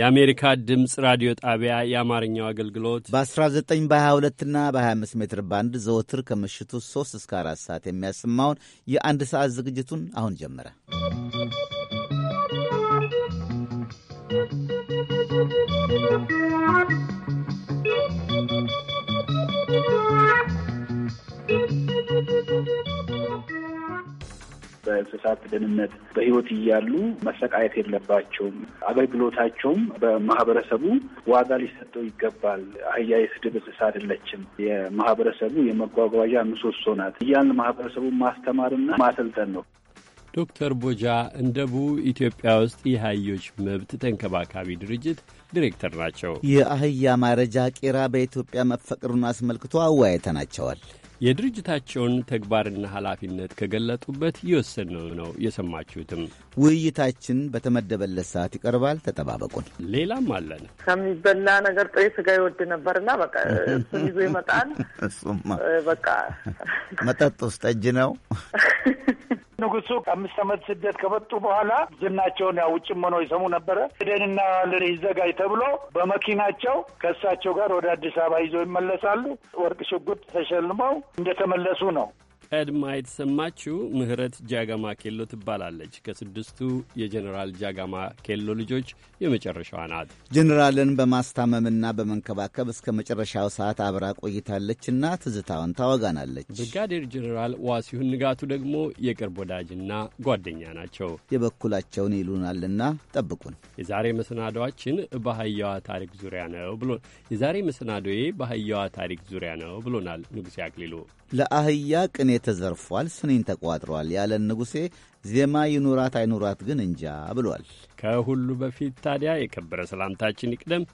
የአሜሪካ ድምፅ ራዲዮ ጣቢያ የአማርኛው አገልግሎት በ19 በ22 እና በ25 ሜትር ባንድ ዘወትር ከምሽቱ 3 እስከ 4 ሰዓት የሚያሰማውን የአንድ ሰዓት ዝግጅቱን አሁን ጀመረ። ¶¶ በእንስሳት ደህንነት በህይወት እያሉ መሰቃየት የለባቸውም። አገልግሎታቸውም በማህበረሰቡ ዋጋ ሊሰጠው ይገባል። አህያ የስድብ እንስሳ አይደለችም። የማህበረሰቡ የመጓጓዣ ምሰሶ ናት እያልን ማህበረሰቡን ማስተማርና ማሰልጠን ነው። ዶክተር ቦጃ እንደ ኢትዮጵያ ውስጥ የአህዮች መብት ተንከባካቢ ድርጅት ዲሬክተር ናቸው። የአህያ ማረጃ ቄራ በኢትዮጵያ መፈቅሩን አስመልክቶ አወያይተናቸዋል። የድርጅታቸውን ተግባርና ኃላፊነት ከገለጡበት የወሰነው ነው የሰማችሁትም። ውይይታችን በተመደበለት ሰዓት ይቀርባል። ተጠባበቁን። ሌላም አለን። ከሚበላ ነገር ጥሬ ስጋ ይወድ ነበርና በቃ እሱ ይዞ ይመጣል። እሱማ በቃ መጠጥ ውስጥ ጠጅ ነው ንጉሱ አምስት ዓመት ስደት ከመጡ በኋላ ዝናቸውን ያው ውጭም ሆነው ይሰሙ ነበረ። ደንና ልር ይዘጋጅ ተብሎ በመኪናቸው ከእሳቸው ጋር ወደ አዲስ አበባ ይዘው ይመለሳሉ። ወርቅ ሽጉጥ ተሸልመው እንደተመለሱ ነው ቀድማ የተሰማችው ምህረት ጃጋማ ኬሎ ትባላለች። ከስድስቱ የጀኔራል ጃጋማ ኬሎ ልጆች የመጨረሻዋ ናት። ጀኔራልን በማስታመምና በመንከባከብ እስከ መጨረሻው ሰዓት አብራ ቆይታለችና ትዝታውን ታወጋናለች። ብርጋዴር ጀኔራል ዋሲሁን ንጋቱ ደግሞ የቅርብ ወዳጅና ጓደኛ ናቸው። የበኩላቸውን ይሉናልና ጠብቁን። የዛሬ መሰናዷችን በአህያዋ ታሪክ ዙሪያ ነው ብሎ የዛሬ መሰናዶዬ በአህያዋ ታሪክ ዙሪያ ነው ብሎናል ንጉሴ አክሊሉ ለአህያ ቅኔ ተዘርፏል፣ ስንኝ ተቋጥሯል ያለን ንጉሴ ዜማ ይኑራት አይኑራት ግን እንጃ ብሏል። ከሁሉ በፊት ታዲያ የከበረ ሰላምታችን ይቅደም።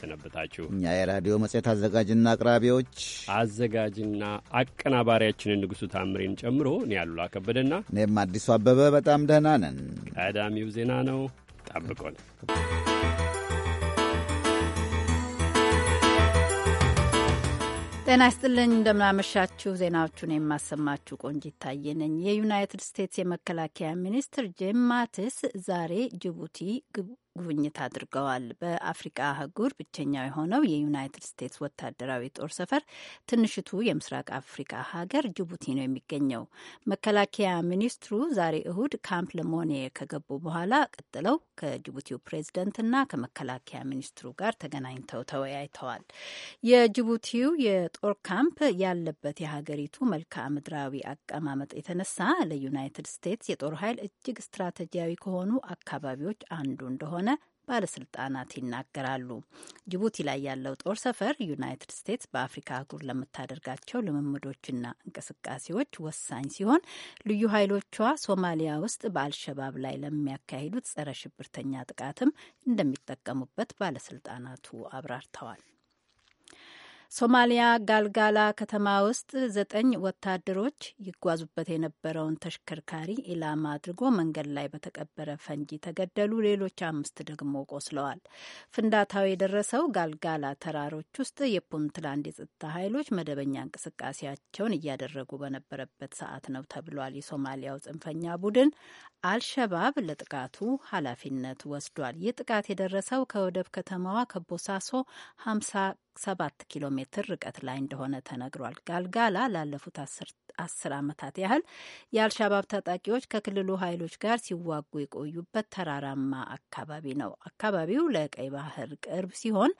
ሰነበታችሁ? እኛ የራዲዮ መጽሔት አዘጋጅና አቅራቢዎች አዘጋጅና አቀናባሪያችንን ንጉሡ ታምሬን ጨምሮ እኔ አሉላ ከበደና እኔም አዲሱ አበበ በጣም ደህና ነን። ቀዳሚው ዜና ነው፣ ጠብቆን ጤና ይስጥልኝ። እንደምናመሻችሁ። ዜናዎቹን የማሰማችሁ ቆንጂት ታየ ነኝ። የዩናይትድ ስቴትስ የመከላከያ ሚኒስትር ጄም ማቲስ ዛሬ ጅቡቲ ጉብኝት አድርገዋል። በአፍሪቃ አህጉር ብቸኛው የሆነው የዩናይትድ ስቴትስ ወታደራዊ ጦር ሰፈር ትንሽቱ የምስራቅ አፍሪካ ሀገር ጅቡቲ ነው የሚገኘው። መከላከያ ሚኒስትሩ ዛሬ እሁድ ካምፕ ለሞኔ ከገቡ በኋላ ቀጥለው ከጅቡቲው ፕሬዝደንትና ከመከላከያ ሚኒስትሩ ጋር ተገናኝተው ተወያይተዋል። የጅቡቲው የጦር ካምፕ ያለበት የሀገሪቱ መልክዓ ምድራዊ አቀማመጥ የተነሳ ለዩናይትድ ስቴትስ የጦር ኃይል እጅግ ስትራቴጂያዊ ከሆኑ አካባቢዎች አንዱ እንደሆነ እንደሆነ ባለስልጣናት ይናገራሉ። ጅቡቲ ላይ ያለው ጦር ሰፈር ዩናይትድ ስቴትስ በአፍሪካ አህጉር ለምታደርጋቸው ልምምዶችና እንቅስቃሴዎች ወሳኝ ሲሆን ልዩ ኃይሎቿ ሶማሊያ ውስጥ በአልሸባብ ላይ ለሚያካሂዱት ጸረ ሽብርተኛ ጥቃትም እንደሚጠቀሙበት ባለስልጣናቱ አብራርተዋል። ሶማሊያ ጋልጋላ ከተማ ውስጥ ዘጠኝ ወታደሮች ይጓዙበት የነበረውን ተሽከርካሪ ኢላማ አድርጎ መንገድ ላይ በተቀበረ ፈንጂ ተገደሉ። ሌሎች አምስት ደግሞ ቆስለዋል። ፍንዳታው የደረሰው ጋልጋላ ተራሮች ውስጥ የፑንትላንድ የጸጥታ ኃይሎች መደበኛ እንቅስቃሴያቸውን እያደረጉ በነበረበት ሰዓት ነው ተብሏል። የሶማሊያው ጽንፈኛ ቡድን አልሸባብ ለጥቃቱ ኃላፊነት ወስዷል። ይህ ጥቃት የደረሰው ከወደብ ከተማዋ ከቦሳሶ 50 ሰባት ኪሎ ሜትር ርቀት ላይ እንደሆነ ተነግሯል። ጋልጋላ ላለፉት አስር ዓመታት ያህል የአልሻባብ ታጣቂዎች ከክልሉ ኃይሎች ጋር ሲዋጉ የቆዩበት ተራራማ አካባቢ ነው። አካባቢው ለቀይ ባህር ቅርብ ሲሆን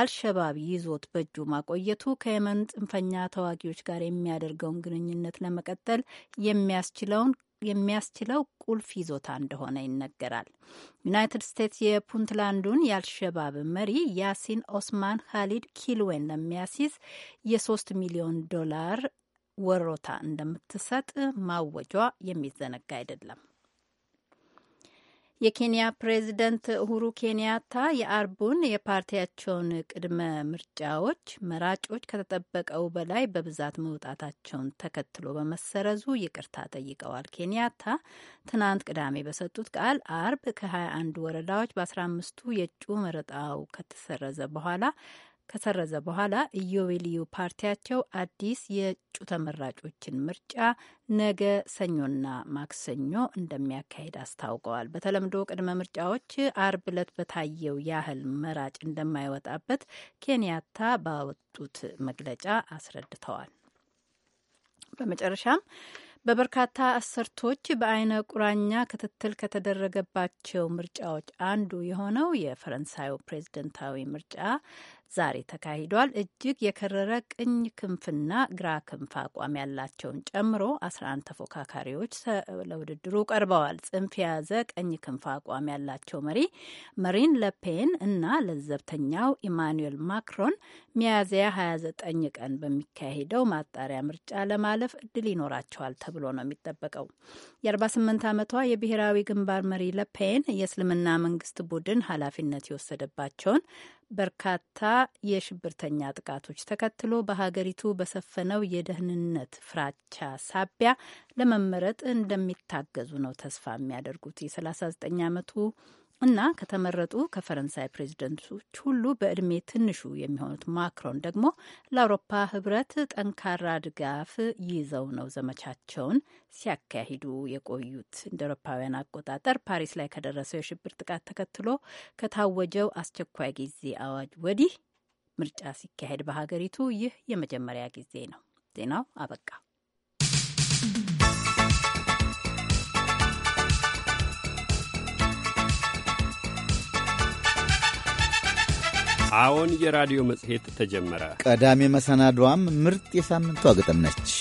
አልሸባብ ይዞት በእጁ ማቆየቱ ከየመን ጽንፈኛ ተዋጊዎች ጋር የሚያደርገውን ግንኙነት ለመቀጠል የሚያስችለውን የሚያስችለው ቁልፍ ይዞታ እንደሆነ ይነገራል። ዩናይትድ ስቴትስ የፑንትላንዱን የአልሸባብ መሪ ያሲን ኦስማን ካሊድ ኪልዌን ለሚያስይዝ የሶስት ሚሊዮን ዶላር ወሮታ እንደምትሰጥ ማወጇ የሚዘነጋ አይደለም። የኬንያ ፕሬዚደንት ኡሁሩ ኬንያታ የአርቡን የፓርቲያቸውን ቅድመ ምርጫዎች መራጮች ከተጠበቀው በላይ በብዛት መውጣታቸውን ተከትሎ በመሰረዙ ይቅርታ ጠይቀዋል። ኬንያታ ትናንት ቅዳሜ በሰጡት ቃል አርብ ከ21 ወረዳዎች በ15ቱ የእጩ መረጣው ከተሰረዘ በኋላ ከሰረዘ በኋላ ኢዮቤልዩ ፓርቲያቸው አዲስ የእጩ ተመራጮችን ምርጫ ነገ ሰኞና ማክሰኞ እንደሚያካሂድ አስታውቀዋል። በተለምዶ ቅድመ ምርጫዎች አርብ ዕለት በታየው ያህል መራጭ እንደማይወጣበት ኬንያታ ባወጡት መግለጫ አስረድተዋል። በመጨረሻም በበርካታ አሰርቶች በአይነ ቁራኛ ክትትል ከተደረገባቸው ምርጫዎች አንዱ የሆነው የፈረንሳዩ ፕሬዝደንታዊ ምርጫ ዛሬ ተካሂዷል። እጅግ የከረረ ቀኝ ክንፍና ግራ ክንፍ አቋም ያላቸውን ጨምሮ 11 ተፎካካሪዎች ለውድድሩ ቀርበዋል። ጽንፍ የያዘ ቀኝ ክንፍ አቋም ያላቸው መሪ መሪን ለፔን እና ለዘብተኛው ኢማኑኤል ማክሮን ሚያዝያ 29 ቀን በሚካሄደው ማጣሪያ ምርጫ ለማለፍ እድል ይኖራቸዋል ተብሎ ነው የሚጠበቀው። የ48 ዓመቷ የብሔራዊ ግንባር መሪ ለፔን የእስልምና መንግስት ቡድን ኃላፊነት የወሰደባቸውን በርካታ የሽብርተኛ ጥቃቶች ተከትሎ በሀገሪቱ በሰፈነው የደህንነት ፍራቻ ሳቢያ ለመመረጥ እንደሚታገዙ ነው ተስፋ የሚያደርጉት የ39 ዓመቱ እና ከተመረጡ ከፈረንሳይ ፕሬዚደንቶች ሁሉ በእድሜ ትንሹ የሚሆኑት ማክሮን ደግሞ ለአውሮፓ ህብረት ጠንካራ ድጋፍ ይዘው ነው ዘመቻቸውን ሲያካሂዱ የቆዩት። እንደ አውሮፓውያን አቆጣጠር ፓሪስ ላይ ከደረሰው የሽብር ጥቃት ተከትሎ ከታወጀው አስቸኳይ ጊዜ አዋጅ ወዲህ ምርጫ ሲካሄድ በሀገሪቱ ይህ የመጀመሪያ ጊዜ ነው። ዜናው አበቃ። አሁን የራዲዮ መጽሔት ተጀመረ። ቀዳሚ መሰናዷም ምርጥ የሳምንቱ ግጥም ነች።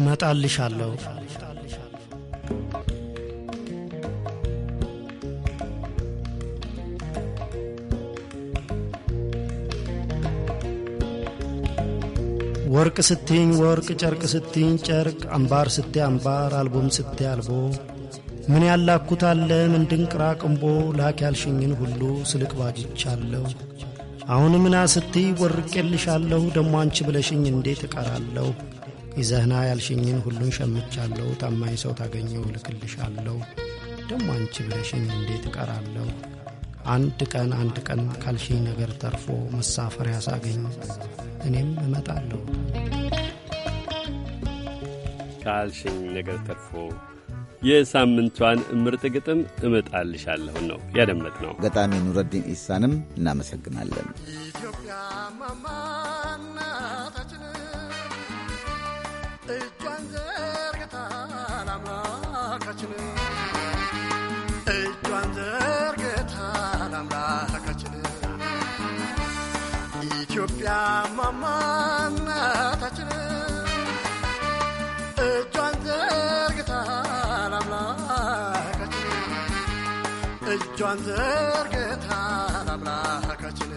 እመጣልሻለሁ ወርቅ ስትኝ ወርቅ፣ ጨርቅ ስትኝ ጨርቅ፣ አምባር ስቴ አምባር፣ አልቦም ስቴ አልቦ ምን ያላኩት አለ ምን ድንቅራ ቅንቦ ላክ ያልሽኝን ሁሉ ስልቅ ባጅቻለሁ። አሁን ምና ስትይ ወርቄልሻለሁ፣ ደሞ አንቺ ብለሽኝ እንዴት እቀራለሁ? ይዘህና ያልሽኝን ሁሉን ሸምቻለሁ፣ ታማኝ ሰው ታገኘው እልክልሻለሁ፣ ደሞ አንቺ ብለሽኝ እንዴት እቀራለሁ? አንድ ቀን አንድ ቀን ካልሽ ነገር ተርፎ መሳፈሪያ ሳገኝ እኔም እመጣለሁ። ካልሽኝ ነገር ተርፎ የሳምንቷን ምርጥ ግጥም እመጣልሻለሁ ነው ያደመጥነው። ገጣሚ ኑረዲን ኢሳንም እናመሰግናለን። ኢትዮጵያ ማማ እጇን ዘርግታ አምላካችን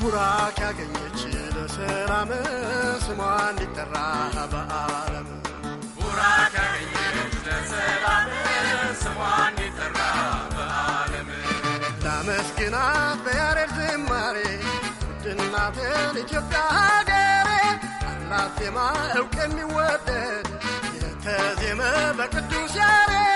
ቡራክ ያገኘች ለሰላም ስሟ እንዲጠራ በዓለም ቡራክ ያገኘች ለሰላም ስሟ እንዲጠራ በዓለም ላመስግናት በያሬድ ዝማሬ ውድናትን ኢትዮጵያ ሀገሬ አላት ዜማ እውቅ የሚወደድ የተዜመ በቅዱስ ያሬድ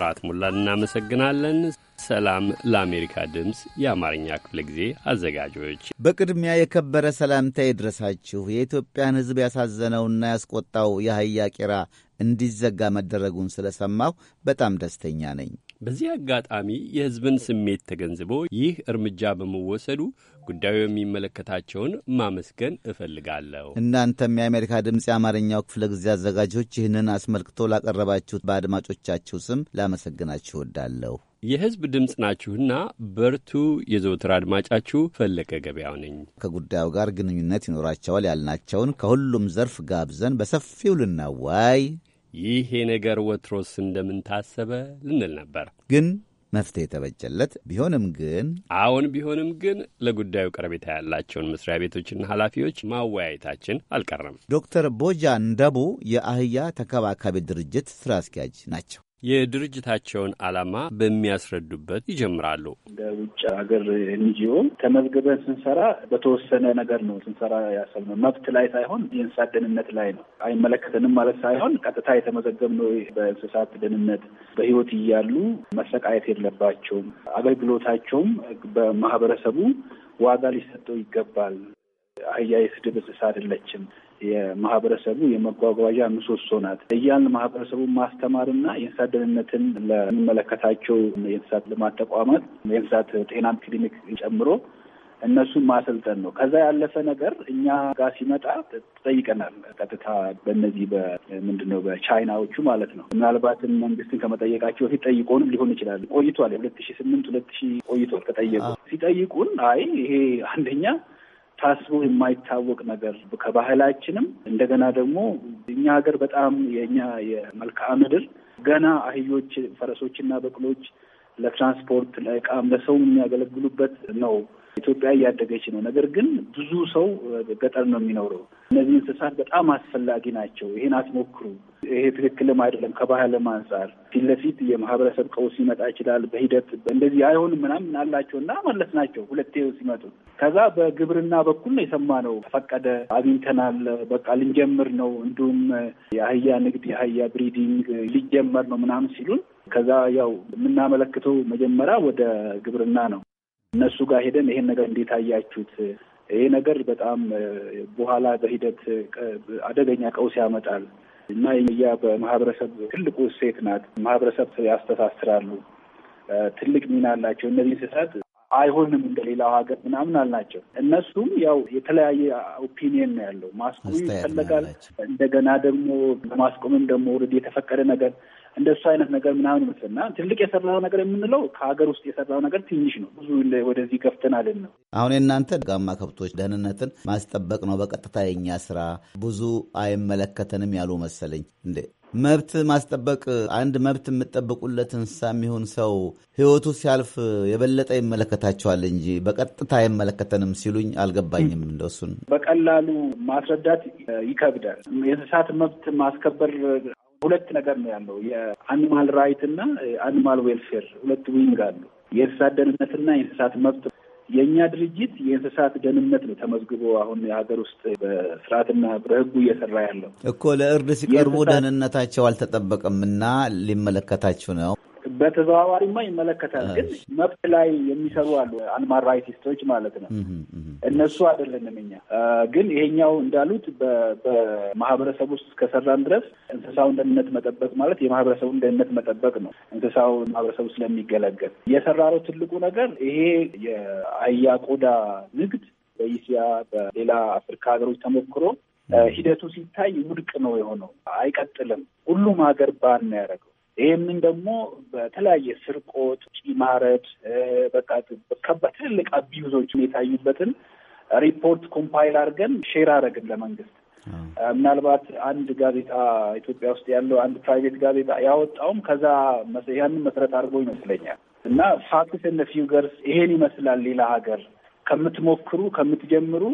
ታምራት ሙላን እናመሰግናለን። ሰላም ለአሜሪካ ድምፅ የአማርኛ ክፍለ ጊዜ አዘጋጆች፣ በቅድሚያ የከበረ ሰላምታ ይድረሳችሁ። የኢትዮጵያን ሕዝብ ያሳዘነውና ያስቆጣው የአህያ ቄራ እንዲዘጋ መደረጉን ስለሰማሁ በጣም ደስተኛ ነኝ። በዚህ አጋጣሚ የሕዝብን ስሜት ተገንዝቦ ይህ እርምጃ በመወሰዱ ጉዳዩ የሚመለከታቸውን ማመስገን እፈልጋለሁ። እናንተም የአሜሪካ ድምፅ የአማርኛው ክፍለ ጊዜ አዘጋጆች ይህንን አስመልክቶ ላቀረባችሁት በአድማጮቻችሁ ስም ላመሰግናችሁ እወዳለሁ። የሕዝብ ድምፅ ናችሁና በርቱ። የዘውትር አድማጫችሁ ፈለቀ ገበያው ነኝ። ከጉዳዩ ጋር ግንኙነት ይኖራቸዋል ያልናቸውን ከሁሉም ዘርፍ ጋብዘን በሰፊው ልናዋይ ይህ የነገር ወትሮስ እንደምን ታሰበ ልንል ነበር ግን መፍትሄ የተበጀለት ቢሆንም ግን አሁን ቢሆንም ግን ለጉዳዩ ቀረቤታ ያላቸውን መስሪያ ቤቶችና ኃላፊዎች ማወያየታችን አልቀረም። ዶክተር ቦጃ እንደቡ የአህያ ተከባካቢ ድርጅት ስራ አስኪያጅ ናቸው። የድርጅታቸውን ዓላማ በሚያስረዱበት ይጀምራሉ። እንደ ውጭ ሀገር ኤንጂኦ ተመዝግበን ስንሰራ በተወሰነ ነገር ነው ስንሰራ ያሰብነው መብት ላይ ሳይሆን የእንስሳት ደህንነት ላይ ነው። አይመለከተንም ማለት ሳይሆን ቀጥታ የተመዘገብነው በእንስሳት ደህንነት በሕይወት እያሉ መሰቃየት የለባቸውም፣ አገልግሎታቸውም በማህበረሰቡ ዋጋ ሊሰጠው ይገባል። አህያ የስድብ እንስሳ አይደለችም። የማህበረሰቡ የመጓጓዣ ምሰሶ ናት እያልን ማህበረሰቡን ማስተማርና የእንስሳት ደህንነትን ለሚመለከታቸው የእንስሳት ልማት ተቋማት የእንስሳት ጤና ክሊኒክ ጨምሮ እነሱን ማሰልጠን ነው። ከዛ ያለፈ ነገር እኛ ጋር ሲመጣ ጠይቀናል። ቀጥታ በእነዚህ ምንድን ነው በቻይናዎቹ ማለት ነው። ምናልባትም መንግስትን ከመጠየቃቸው በፊት ጠይቆንም ሊሆን ይችላል። ቆይቷል። የሁለት ሺ ስምንት ሁለት ሺ ቆይቷል። ከጠየቁ ሲጠይቁን አይ ይሄ አንደኛ ታስቦ የማይታወቅ ነገር ከባህላችንም እንደገና ደግሞ እኛ ሀገር በጣም የእኛ የመልክዓ ምድር ገና አህዮች፣ ፈረሶችና በቅሎች ለትራንስፖርት ለእቃም ለሰውም የሚያገለግሉበት ነው። ኢትዮጵያ እያደገች ነው። ነገር ግን ብዙ ሰው ገጠር ነው የሚኖረው። እነዚህ እንስሳት በጣም አስፈላጊ ናቸው። ይሄን አትሞክሩ፣ ይሄ ትክክልም አይደለም። ከባህልም አንጻር ፊት ለፊት የማህበረሰብ ቀውስ ሊመጣ ይችላል። በሂደት እንደዚህ አይሆንም ምናምን አላቸው እና መለስ ናቸው ሁለቴ ሲመጡ። ከዛ በግብርና በኩል የሰማነው ተፈቀደ፣ አግኝተናል፣ በቃ ልንጀምር ነው፣ እንዲሁም የአህያ ንግድ የአህያ ብሪዲንግ ሊጀመር ነው ምናምን ሲሉን ከዛ ያው የምናመለክተው መጀመሪያ ወደ ግብርና ነው። እነሱ ጋር ሄደን ይሄን ነገር እንዴት አያችሁት? ይሄ ነገር በጣም በኋላ በሂደት አደገኛ ቀውስ ያመጣል እና ያ በማህበረሰብ ትልቁ እሴት ናት። ማህበረሰብ ያስተሳስራሉ፣ ትልቅ ሚና አላቸው። እነዚህ እንስሳት አይሆንም እንደሌላው ሀገር ምናምን አልናቸው። እነሱም ያው የተለያየ ኦፒኒየን ነው ያለው። ማስቆም ይፈለጋል። እንደገና ደግሞ ለማስቆምም ደግሞ ውርድ የተፈቀደ ነገር እንደሱ አይነት ነገር ምናምን ይመስልና ትልቅ የሰራው ነገር የምንለው ከሀገር ውስጥ የሰራው ነገር ትንሽ ነው። ብዙ ወደዚህ አለን ነው። አሁን የእናንተ ጋማ ከብቶች ደህንነትን ማስጠበቅ ነው በቀጥታ የኛ ስራ፣ ብዙ አይመለከተንም ያሉ መሰለኝ እንዴ? መብት ማስጠበቅ አንድ መብት የምጠበቁለት እንስሳ የሚሆን ሰው ህይወቱ ሲያልፍ የበለጠ ይመለከታቸዋል እንጂ በቀጥታ አይመለከተንም ሲሉኝ አልገባኝም። እንደሱን በቀላሉ ማስረዳት ይከብዳል። የእንስሳት መብት ማስከበር ሁለት ነገር ነው ያለው። የአኒማል ራይት እና አኒማል ዌልፌር ሁለት ዊንግ አሉ። የእንስሳት ደህንነትና የእንስሳት መብት የእኛ ድርጅት የእንስሳት ደህንነት ነው ተመዝግቦ አሁን የሀገር ውስጥ በስርዓትና በህጉ እየሰራ ያለው እኮ ለእርድ ሲቀርቡ ደህንነታቸው እና ሊመለከታችሁ ነው። በተዘዋዋሪማ ይመለከታል፣ ግን መብት ላይ የሚሰሩ አሉ አኒማል ራይቲስቶች ማለት ነው። እነሱ አይደለንም እኛ ግን ይሄኛው እንዳሉት በማህበረሰብ ውስጥ እስከሰራን ድረስ እንስሳውን ደህንነት መጠበቅ ማለት የማህበረሰቡን ደህንነት መጠበቅ ነው። እንስሳው ማህበረሰቡ ስለሚገለገል የሰራረው ትልቁ ነገር ይሄ የአህያ ቆዳ ንግድ በኢስያ በሌላ አፍሪካ ሀገሮች ተሞክሮ ሂደቱ ሲታይ ውድቅ ነው የሆነው። አይቀጥልም። ሁሉም ሀገር ባን ነው ያደረገው። ይህምን ደግሞ በተለያየ ስርቆት፣ ጪማረድ በቃ በትልልቅ አቢዩዞች የታዩበትን ሪፖርት ኮምፓይል አድርገን ሼር አረግን ለመንግስት። ምናልባት አንድ ጋዜጣ ኢትዮጵያ ውስጥ ያለው አንድ ፕራይቬት ጋዜጣ ያወጣውም ከዛ ያንን መሰረት አድርጎ ይመስለኛል እና ፋክስ እነ ፊገርስ ይሄን ይመስላል ሌላ ሀገር ከምትሞክሩ ከምትጀምሩ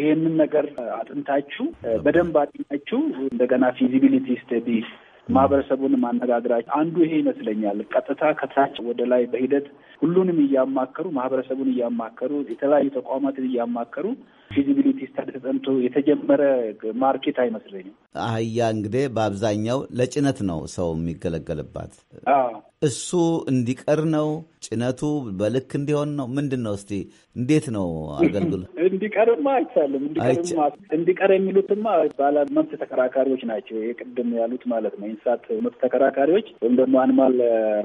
ይሄንን ነገር አጥንታችሁ በደንብ አጥናችሁ እንደገና ፊዚቢሊቲ ስተዲ ማህበረሰቡን አነጋግራቸው አንዱ ይሄ ይመስለኛል። ቀጥታ ከታች ወደ ላይ በሂደት ሁሉንም እያማከሩ ማህበረሰቡን እያማከሩ የተለያዩ ተቋማትን እያማከሩ ፊዚቢሊቲ ስታዲ ተጠንቶ የተጀመረ ማርኬት አይመስለኝም። አህያ እንግዲህ በአብዛኛው ለጭነት ነው ሰው የሚገለገልባት። እሱ እንዲቀር ነው ጭነቱ በልክ እንዲሆን ነው ምንድን ነው? እስቲ እንዴት ነው አገልግሎት? እንዲቀርማ አይቻልም። እንዲቀር የሚሉትማ ባለ መብት ተከራካሪዎች ናቸው። የቅድም ያሉት ማለት ነው የእንስሳት መብት ተከራካሪዎች ወይም ደግሞ አኒማል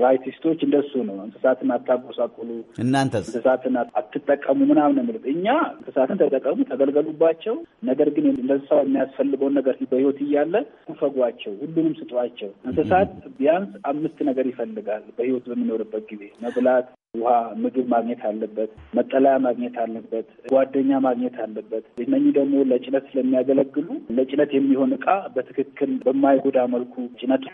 ራይቲስቶች እንደሱ ነው። እንስሳትን አታጎሳቁሉ፣ እናንተ እንስሳትን አትጠቀሙ ምናምን የሚሉት እኛ እንስሳትን ተጠቀ ተጠቀሙ፣ ተገልገሉባቸው። ነገር ግን ለሰው የሚያስፈልገውን ነገር በህይወት እያለ ውፈጓቸው፣ ሁሉንም ስጧቸው። እንስሳት ቢያንስ አምስት ነገር ይፈልጋል በህይወት በሚኖርበት ጊዜ መብላት፣ ውሃ፣ ምግብ ማግኘት አለበት። መጠለያ ማግኘት አለበት። ጓደኛ ማግኘት አለበት። እነኚህ ደግሞ ለጭነት ስለሚያገለግሉ ለጭነት የሚሆን እቃ በትክክል በማይጎዳ መልኩ ጭነት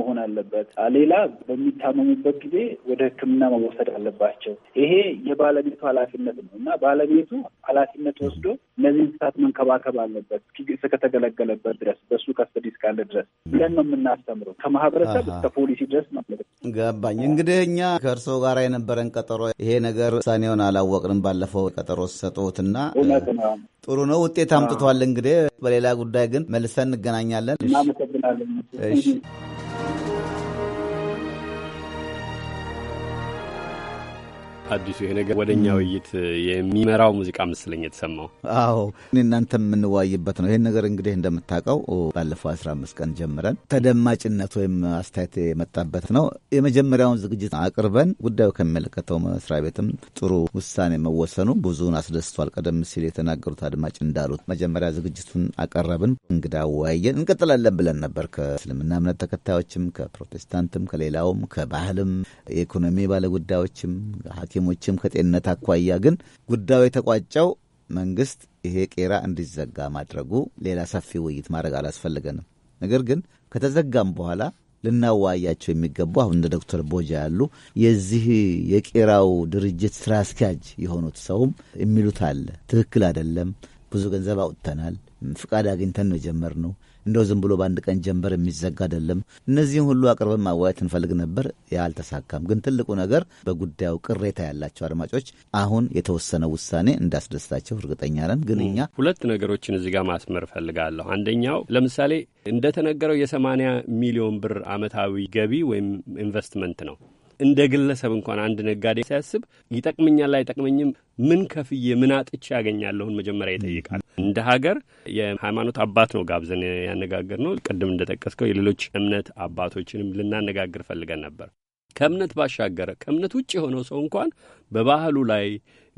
መሆን አለበት። ሌላ በሚታመሙበት ጊዜ ወደ ሕክምና መወሰድ አለባቸው። ይሄ የባለቤቱ ኃላፊነት ነው እና ባለቤቱ ኃላፊነት ወስዶ እነዚህ እንስሳት መንከባከብ አለበት እስከተገለገለበት ድረስ በሱ ከስተዲ እስካለ ድረስ ብለን ነው የምናስተምረው ከማህበረሰብ እስከ ፖሊሲ ድረስ ማለት ነው። ገባኝ። እንግዲህ እኛ ከእርስዎ ጋር የነበረን ቀጠሮ ይሄ ነገር ውሳኔውን አላወቅንም። ባለፈው ቀጠሮ ነው ጥሩ ነው ውጤት አምጥቷል። እንግዲህ በሌላ ጉዳይ ግን መልሰን እንገናኛለን። እናመሰግናለን። አዲሱ ይሄ ነገር ወደ እኛ ውይይት የሚመራው ሙዚቃ ምስለኝ የተሰማው። አዎ እናንተ የምንወያይበት ነው። ይህን ነገር እንግዲህ እንደምታውቀው ባለፈው አምስት ቀን ጀምረን ተደማጭነት ወይም አስተያየት የመጣበት ነው። የመጀመሪያውን ዝግጅት አቅርበን ጉዳዩ ከሚመለከተው መስሪያ ቤትም ጥሩ ውሳኔ መወሰኑ ብዙውን አስደስቷል። ቀደም ሲል የተናገሩት አድማጭ እንዳሉት መጀመሪያ ዝግጅቱን አቀረብን፣ እንግዳ አወያየን፣ እንቀጥላለን ብለን ነበር ከእስልምና እምነት ተከታዮችም ከፕሮቴስታንትም ከሌላውም ከባህልም የኢኮኖሚ ባለጉዳዮችም ሐኪም ከሐኪሞችም ከጤንነት አኳያ ግን ጉዳዩ የተቋጨው መንግስት ይሄ ቄራ እንዲዘጋ ማድረጉ ሌላ ሰፊ ውይይት ማድረግ አላስፈለገንም። ነገር ግን ከተዘጋም በኋላ ልናዋያቸው የሚገቡ አሁን እንደ ዶክተር ቦጃ ያሉ የዚህ የቄራው ድርጅት ስራ አስኪያጅ የሆኑት ሰውም የሚሉት አለ። ትክክል አይደለም፣ ብዙ ገንዘብ አውጥተናል። ፍቃድ አግኝተን ነው የጀመርነው። እንደው ዝም ብሎ በአንድ ቀን ጀንበር የሚዘጋ አይደለም። እነዚህም ሁሉ አቅርበን ማዋየት እንፈልግ ነበር፣ ያልተሳካም። ግን ትልቁ ነገር በጉዳዩ ቅሬታ ያላቸው አድማጮች አሁን የተወሰነ ውሳኔ እንዳስደስታቸው እርግጠኛ ነን። ግን እኛ ሁለት ነገሮችን እዚህ ጋር ማስመር ፈልጋለሁ አንደኛው ለምሳሌ እንደተነገረው የሰማንያ ሚሊዮን ብር አመታዊ ገቢ ወይም ኢንቨስትመንት ነው። እንደ ግለሰብ እንኳን አንድ ነጋዴ ሲያስብ ይጠቅመኛል አይጠቅመኝም ምን ከፍዬ ምን አጥቼ ያገኛለሁን መጀመሪያ ይጠይቃል። እንደ ሀገር የሃይማኖት አባት ነው ጋብዘን ያነጋገር ነው። ቅድም ጠቀስከው የሌሎች እምነት አባቶችንም ልናነጋግር ፈልገን ነበር። ከእምነት ባሻገር ከእምነት ውጭ የሆነው ሰው እንኳን በባህሉ ላይ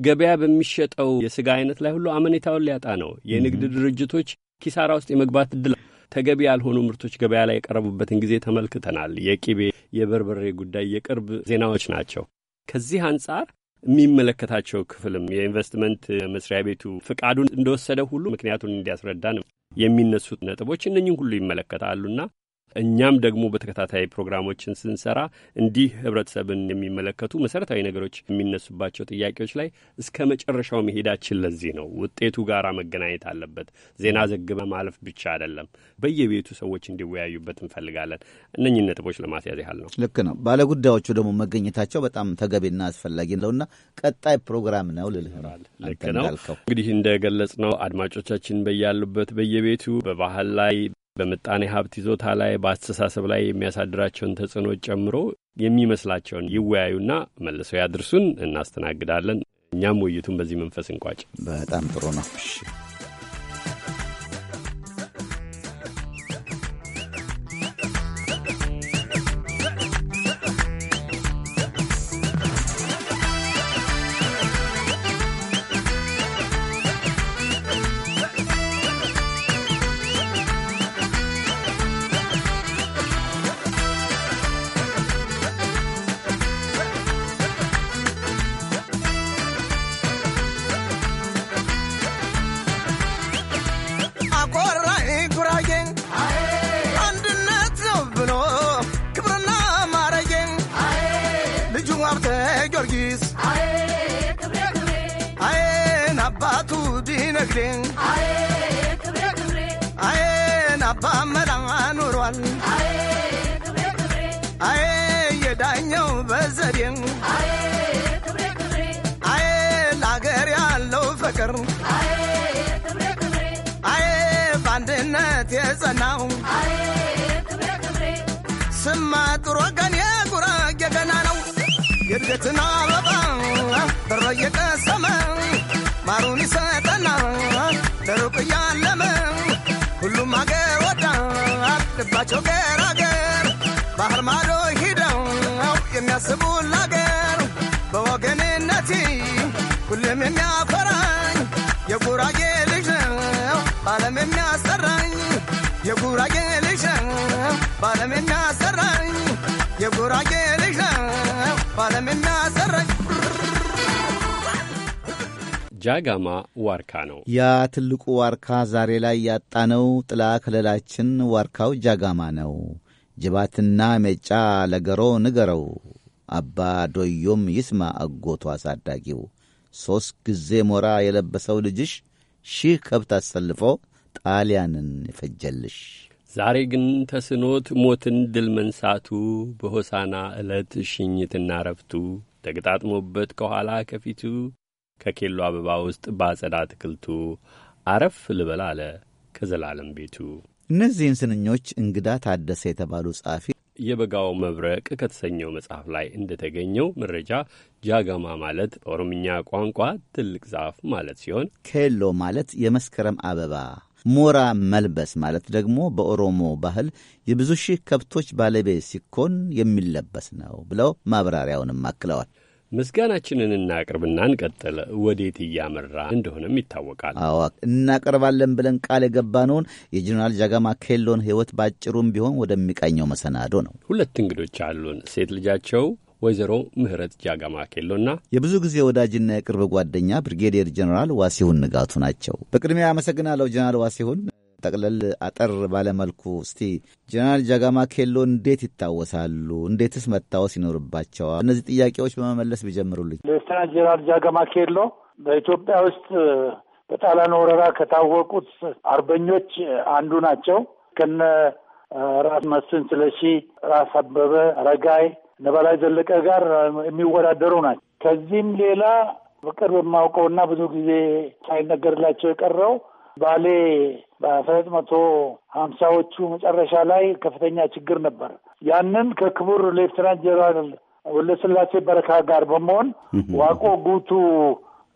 ገበያ በሚሸጠው የስጋ አይነት ላይ ሁሉ አመኔታውን ሊያጣ ነው። የንግድ ድርጅቶች ኪሳራ ውስጥ የመግባት እድል ተገቢ ያልሆኑ ምርቶች ገበያ ላይ የቀረቡበትን ጊዜ ተመልክተናል። የቂቤ የበርበሬ ጉዳይ የቅርብ ዜናዎች ናቸው። ከዚህ አንጻር የሚመለከታቸው ክፍልም የኢንቨስትመንት መስሪያ ቤቱ ፍቃዱን እንደወሰደ ሁሉ ምክንያቱን እንዲያስረዳ ነው የሚነሱት ነጥቦች እነኝህን ሁሉ ይመለከታሉና እኛም ደግሞ በተከታታይ ፕሮግራሞችን ስንሰራ እንዲህ ህብረተሰብን የሚመለከቱ መሰረታዊ ነገሮች የሚነሱባቸው ጥያቄዎች ላይ እስከ መጨረሻው መሄዳችን ለዚህ ነው። ውጤቱ ጋር መገናኘት አለበት። ዜና ዘግበ ማለፍ ብቻ አይደለም። በየቤቱ ሰዎች እንዲወያዩበት እንፈልጋለን። እነኝህ ነጥቦች ለማስያዝ ያህል ነው። ልክ ነው። ባለጉዳዮቹ ደግሞ መገኘታቸው በጣም ተገቢና አስፈላጊ ነውና ቀጣይ ፕሮግራም ነው ልልህ ነው። ልክ ነው። እንግዲህ እንደገለጽ ነው አድማጮቻችን በያሉበት በየቤቱ በባህል ላይ በምጣኔ ሀብት ይዞታ ላይ በአስተሳሰብ ላይ የሚያሳድራቸውን ተጽዕኖች ጨምሮ የሚመስላቸውን ይወያዩና መልሰው ያድርሱን። እናስተናግዳለን። እኛም ውይይቱን በዚህ መንፈስ እንቋጭ። በጣም ጥሩ ነው። በእምነት የጸናው ስማ ጥሩ ወገን የጉራጌ ገና ነው የእድገትን አበባ በሮ እየቀሰመ ማሩን ይሰጠና ለሩቅ እያለመ ሁሉም አገር ወዳ ልባቸው ገራገር ባህር ማዶ የጉራጌ ልጅ የጉራጌ ልጅ ጃጋማ ዋርካ ነው። ያ ትልቁ ዋርካ ዛሬ ላይ ያጣነው ጥላ ከለላችን ዋርካው ጃጋማ ነው። ጅባትና ሜጫ ለገሮ ንገረው አባ ዶዮም ይስማ አጎቱ አሳዳጊው ሦስት ጊዜ ሞራ የለበሰው ልጅሽ ሺህ ከብት አሰልፎ ጣሊያንን የፈጀልሽ። ዛሬ ግን ተስኖት ሞትን ድል መንሳቱ በሆሳና ዕለት ሽኝትና ረፍቱ ተገጣጥሞበት ከኋላ ከፊቱ ከኬሎ አበባ ውስጥ ባጸዳ አትክልቱ አረፍ ልበል አለ ከዘላለም ቤቱ። እነዚህን ስንኞች እንግዳ ታደሰ የተባሉ ጸሐፊ የበጋው መብረቅ ከተሰኘው መጽሐፍ ላይ እንደተገኘው መረጃ ጃጋማ ማለት በኦሮምኛ ቋንቋ ትልቅ ዛፍ ማለት ሲሆን ኬሎ ማለት የመስከረም አበባ ሞራ መልበስ ማለት ደግሞ በኦሮሞ ባህል የብዙ ሺህ ከብቶች ባለቤት ሲኮን የሚለበስ ነው ብለው ማብራሪያውንም አክለዋል። ምስጋናችንን እናቅርብና እንቀጥል። ወዴት እያመራ እንደሆነም ይታወቃል። አዎ እናቀርባለን ብለን ቃል የገባነውን የጀኔራል ጃጋማ ኬሎን ሕይወት ባጭሩም ቢሆን ወደሚቃኘው መሰናዶ ነው። ሁለት እንግዶች አሉን። ሴት ልጃቸው ወይዘሮ ምህረት ጃጋማ ኬሎና የብዙ ጊዜ ወዳጅና የቅርብ ጓደኛ ብሪጌዲየር ጀኔራል ዋሲሁን ንጋቱ ናቸው። በቅድሚያ አመሰግናለሁ ጀኔራል ዋሲሁን። ጠቅለል አጠር ባለመልኩ እስቲ ጀነራል ጃጋማ ኬሎ እንዴት ይታወሳሉ? እንዴትስ መታወስ ይኖርባቸዋል? እነዚህ ጥያቄዎች በመመለስ ቢጀምሩልኝ። ሌተናንት ጀነራል ጃጋማ ኬሎ በኢትዮጵያ ውስጥ በጣሊያን ወረራ ከታወቁት አርበኞች አንዱ ናቸው። ከነ ራስ መስፍን ስለሺ፣ ራስ አበበ አረጋይ፣ እነ ዘለቀ ጋር የሚወዳደሩ ናቸው። ከዚህም ሌላ በቅርብ የማውቀውና ብዙ ጊዜ ሳይነገርላቸው የቀረው ባሌ በአስራዘጠኝ መቶ ሀምሳዎቹ መጨረሻ ላይ ከፍተኛ ችግር ነበር። ያንን ከክቡር ሌፍትናንት ጀነራል ወለስላሴ በረካ ጋር በመሆን ዋቆ ጉቱ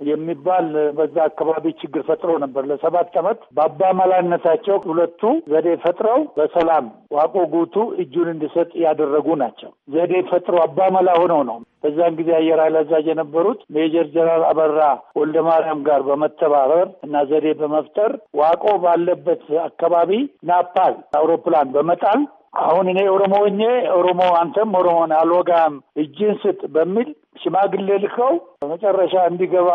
የሚባል በዛ አካባቢ ችግር ፈጥሮ ነበር። ለሰባት ዓመት በአባመላነታቸው ሁለቱ ዘዴ ፈጥረው በሰላም ዋቆ ጉቱ እጁን እንዲሰጥ ያደረጉ ናቸው። ዘዴ ፈጥሮ አባመላ ሆነው ነው። በዛን ጊዜ አየር ኃይል አዛዥ የነበሩት ሜጀር ጀነራል አበራ ወልደ ማርያም ጋር በመተባበር እና ዘዴ በመፍጠር ዋቆ ባለበት አካባቢ ናፓል አውሮፕላን በመጣል አሁን እኔ ኦሮሞ ሆኜ ኦሮሞ አንተም ኦሮሞን አልወጋም እጅን ስጥ በሚል ሽማግሌ ልከው በመጨረሻ እንዲገባ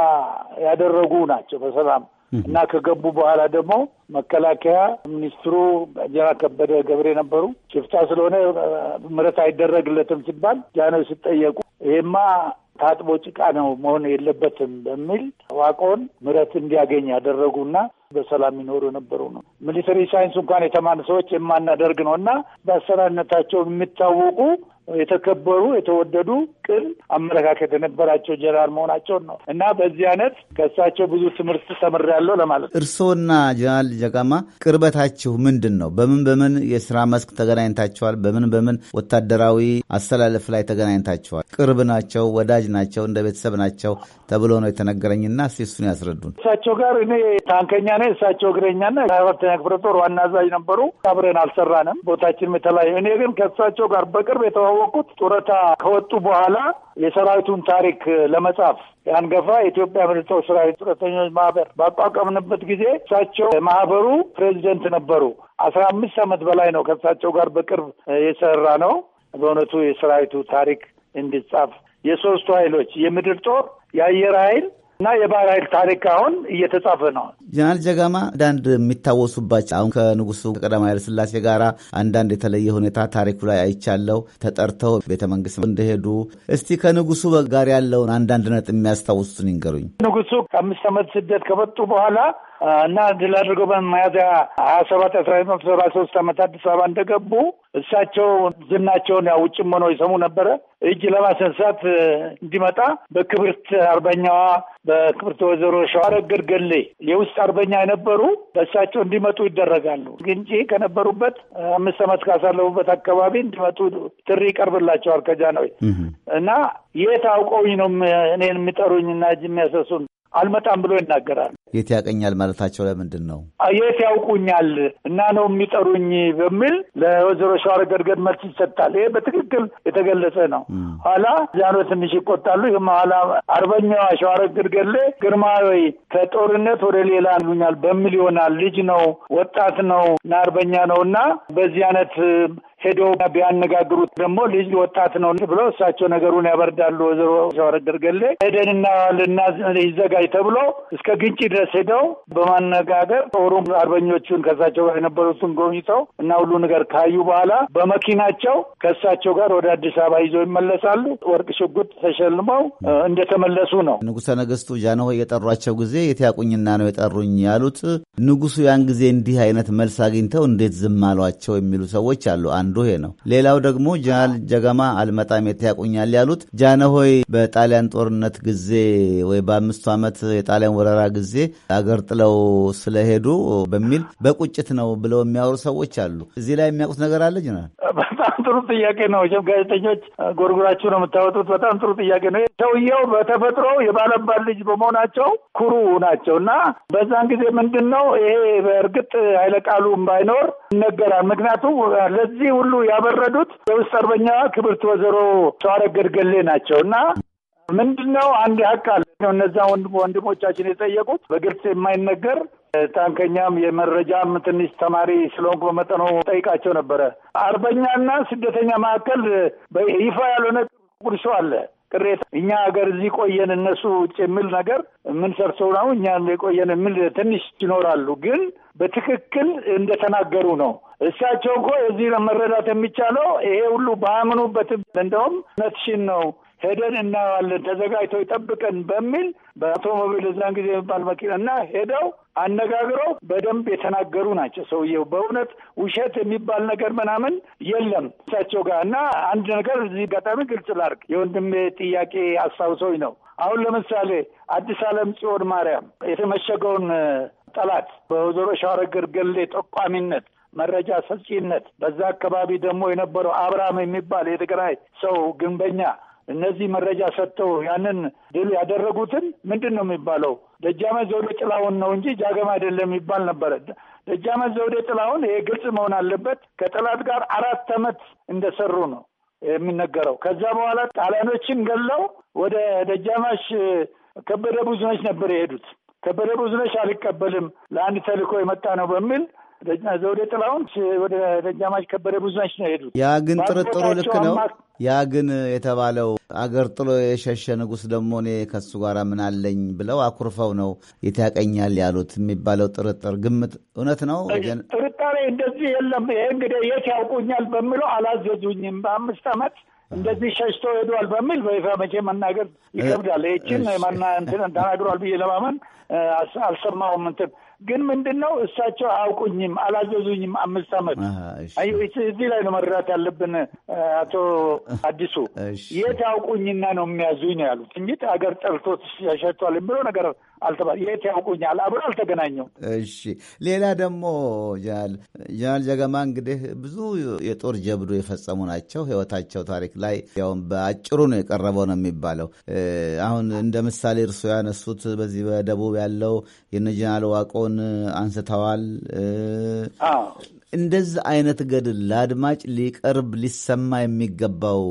ያደረጉ ናቸው በሰላም እና ከገቡ በኋላ ደግሞ መከላከያ ሚኒስትሩ ጀራ ከበደ ገብሬ ነበሩ። ሽፍታ ስለሆነ ምረት አይደረግለትም ሲባል ጃኖ ሲጠየቁ ይሄማ ታጥቦ ጭቃ ነው መሆን የለበትም በሚል ዋቆን ምረት እንዲያገኝ ያደረጉና በሰላም ይኖሩ የነበሩ ነው። ሚሊተሪ ሳይንስ እንኳን የተማኑ ሰዎች የማናደርግ ነው እና በአሰራነታቸው የሚታወቁ የተከበሩ የተወደዱ ቅን አመለካከት የነበራቸው ጀነራል መሆናቸውን ነው እና በዚህ አይነት ከእሳቸው ብዙ ትምህርት ተምሬያለሁ ለማለት ነው። እርስዎና ጀነራል ጀጋማ ቅርበታችሁ ምንድን ነው? በምን በምን የስራ መስክ ተገናኝታችኋል? በምን በምን ወታደራዊ አሰላለፍ ላይ ተገናኝታችኋል? ቅርብ ናቸው፣ ወዳጅ ናቸው፣ እንደ ቤተሰብ ናቸው ተብሎ ነው የተነገረኝና እስኪ እሱን ያስረዱን። እሳቸው ጋር እኔ ታንከኛ ነኝ፣ እሳቸው እግረኛና ሁለተኛ ክፍለ ጦር ዋና አዛዥ ነበሩ። አብረን አልሰራንም፣ ቦታችንም የተለያየ። እኔ ግን ከእሳቸው ጋር በቅርብ የተዋ ያወቁት ጡረታ ከወጡ በኋላ የሰራዊቱን ታሪክ ለመጻፍ ያንገፋ የኢትዮጵያ ምርጫው ሰራዊት ጡረተኞች ማህበር ባቋቋምንበት ጊዜ እሳቸው ማህበሩ ፕሬዚደንት ነበሩ። አስራ አምስት ዓመት በላይ ነው ከእሳቸው ጋር በቅርብ የሰራ ነው። በእውነቱ የሰራዊቱ ታሪክ እንዲጻፍ የሶስቱ ኃይሎች የምድር ጦር፣ የአየር ኃይል እና የባህር ኃይል ታሪክ አሁን እየተጻፈ ነው። ጀነራል ጀጋማ አንዳንድ የሚታወሱባቸው አሁን ከንጉሱ ቀዳማዊ ኃይለ ሥላሴ ጋር አንዳንድ የተለየ ሁኔታ ታሪኩ ላይ አይቻለው ተጠርተው ቤተ መንግስት እንደሄዱ እስቲ ከንጉሱ ጋር ያለውን አንዳንድ ነጥብ የሚያስታውሱትን ይንገሩኝ። ንጉሱ ከአምስት ዓመት ስደት ከመጡ በኋላ እና ድል አድርገው በሚያዝያ ሀያ ሰባት አስራ ዘጠኝ ሰባ ሶስት ዓመት አዲስ አበባ እንደገቡ እሳቸው ዝናቸውን ያው ውጭም ሆነው ይሰሙ ነበረ። እጅ ለማስነሳት እንዲመጣ በክብርት አርበኛዋ በክብርት ወይዘሮ ሸዋረገድ ገሌ የውስጥ አርበኛ የነበሩ በእሳቸው እንዲመጡ ይደረጋሉ እንጂ ከነበሩበት አምስት ዓመት ካሳለፉበት አካባቢ እንዲመጡ ጥሪ ይቀርብላቸዋል። ነው እና የት አውቀውኝ ነው እኔን የሚጠሩኝ እና እጅ የሚያሰሱን አልመጣም ብሎ ይናገራል። የት ያቀኛል ማለታቸው ለምንድን ነው? የት ያውቁኛል እና ነው የሚጠሩኝ በሚል ለወይዘሮ ገድገድ መልስ ይሰጣል። ይሄ በትክክል የተገለጸ ነው። ኋላ እዚያ ነው ትንሽ ይቆጣሉ። ይህም ኋላ አርበኛዋ ግርማ ወይ ከጦርነት ወደ ሌላ አሉኛል በሚል ይሆናል ልጅ ነው ወጣት ነው እና አርበኛ ነው እና በዚህ አይነት ሄዶ ቢያነጋግሩት ደግሞ ልጅ ወጣት ነው ብሎ እሳቸው ነገሩን ያበርዳሉ። ወይዘሮ ሸዋረ ደርገሌ ሄደንና ልና ይዘጋጅ ተብሎ እስከ ግንጭ ድረስ ሄደው በማነጋገር ሩ አርበኞቹን ከእሳቸው ጋር የነበሩትን ጎብኝተው እና ሁሉ ነገር ካዩ በኋላ በመኪናቸው ከእሳቸው ጋር ወደ አዲስ አበባ ይዘው ይመለሳሉ። ወርቅ ሽጉጥ ተሸልመው እንደተመለሱ ነው። ንጉሰ ነገስቱ ጃንሆይ የጠሯቸው ጊዜ የት ያቁኝና ነው የጠሩኝ ያሉት ንጉሱ ያን ጊዜ እንዲህ አይነት መልስ አግኝተው እንዴት ዝም አሏቸው የሚሉ ሰዎች አሉ። አንዱ አንዱ ይሄ ነው። ሌላው ደግሞ ጀነራል ጀገማ አልመጣም ያቁኛል ያሉት ጃነሆይ በጣሊያን ጦርነት ጊዜ ወይ በአምስቱ ዓመት የጣሊያን ወረራ ጊዜ አገር ጥለው ስለሄዱ በሚል በቁጭት ነው ብለው የሚያወሩ ሰዎች አሉ። እዚህ ላይ የሚያውቁት ነገር አለ ጀነራል? በጣም ጥሩ ጥያቄ ነው። ጋዜጠኞች ጎርጉራችሁ ነው የምታወጡት። በጣም ጥሩ ጥያቄ ነው። ሰውየው በተፈጥሮ የባለባል ልጅ በመሆናቸው ኩሩ ናቸው እና በዛን ጊዜ ምንድን ነው ይሄ በእርግጥ ኃይለ ቃሉም ባይኖር ይነገራል። ምክንያቱም ለዚህ ሁሉ ያበረዱት በውስጥ አርበኛ ክብርት ወይዘሮ ሰዋረ ገድገሌ ናቸው እና ምንድን ነው አንድ ሀቅ አለ። እነዛ ወንድሞቻችን የጠየቁት በግልጽ የማይነገር ታንከኛም የመረጃም ትንሽ ተማሪ ስለሆንኩ በመጠኑ ጠይቃቸው ነበረ። አርበኛና ስደተኛ መካከል በይፋ ያልሆነ ቁርሾ አለ ቅሬታ እኛ ሀገር እዚህ ቆየን እነሱ ውጭ የሚል ነገር ምን ሰርተው ነው እኛ ቆየን የሚል ትንሽ ይኖራሉ። ግን በትክክል እንደተናገሩ ነው እሳቸው እኮ የዚህ መረዳት የሚቻለው ይሄ ሁሉ ባያምኑበት እንደውም ነትሽን ነው ሄደን እናየዋለን ተዘጋጅተው ይጠብቀን በሚል በአውቶሞቢል እዛን ጊዜ የሚባል መኪና እና ሄደው አነጋግረው በደንብ የተናገሩ ናቸው ሰውየው። በእውነት ውሸት የሚባል ነገር ምናምን የለም እሳቸው ጋር እና አንድ ነገር እዚህ አጋጣሚ ግልጽ ላድርግ፣ የወንድሜ ጥያቄ አስታውሰኝ ነው። አሁን ለምሳሌ አዲስ ዓለም ጽዮን ማርያም የተመሸገውን ጠላት በወይዘሮ ሸዋረገር ገሌ ጠቋሚነት መረጃ ሰጪነት፣ በዛ አካባቢ ደግሞ የነበረው አብርሃም የሚባል የትግራይ ሰው ግንበኛ እነዚህ መረጃ ሰጥተው ያንን ድል ያደረጉትን ምንድን ነው የሚባለው? ደጃመ ዘውዴ ጥላሁን ነው እንጂ ጃገማ አይደለም የሚባል ነበረ። ደጃመ ዘውዴ ጥላሁን ይሄ ግልጽ መሆን አለበት። ከጠላት ጋር አራት ዓመት እንደሰሩ ነው የሚነገረው። ከዛ በኋላ ጣሊያኖችን ገለው ወደ ደጃማሽ ከበደ ብዙነች ነበር የሄዱት። ከበደ ብዙነች አልቀበልም ለአንድ ተልእኮ የመጣ ነው በሚል ዘውዴ ጥላውን ወደ ደጃማች ከበደ ብዙነሽ ነው የሄዱት። ያ ግን ጥርጥሩ ልክ ነው። ያ ግን የተባለው አገር ጥሎ የሸሸ ንጉሥ ደግሞ እኔ ከሱ ጋር ምን አለኝ ብለው አኩርፈው ነው የታቀኛል ያሉት የሚባለው ጥርጥር ግምት እውነት ነው። ጥርጣሬ እንደዚህ የለም። ይህ እንግዲህ የት ያውቁኛል በሚለው አላዘዙኝም። በአምስት ዓመት እንደዚህ ሸሽቶ ሄዷል በሚል በይፋ መቼ መናገር ይከብዳል። ይችን ተናግሯል ብዬ ለማመን አልሰማውም እንትን ግን ምንድን ነው እሳቸው አያውቁኝም፣ አላዘዙኝም። አምስት ዓመት እዚህ ላይ ነው መረዳት ያለብን። አቶ አዲሱ የት አያውቁኝና ነው የሚያዙኝ ያሉት እንጂ አገር ጠልቶት ያሸቷል የሚለው ነገር አልተባ የት ያውቁኛል? አብረ አልተገናኘው። እሺ፣ ሌላ ደግሞ ጀነራል ጀነራል ጀገማ እንግዲህ ብዙ የጦር ጀብዱ የፈጸሙ ናቸው። ህይወታቸው ታሪክ ላይ ያውም በአጭሩ ነው የቀረበው ነው የሚባለው። አሁን እንደ ምሳሌ እርሱ ያነሱት በዚህ በደቡብ ያለው የነ ጀነራል ዋቆን አንስተዋል። እንደዚህ አይነት ገድል ለአድማጭ ሊቀርብ ሊሰማ የሚገባው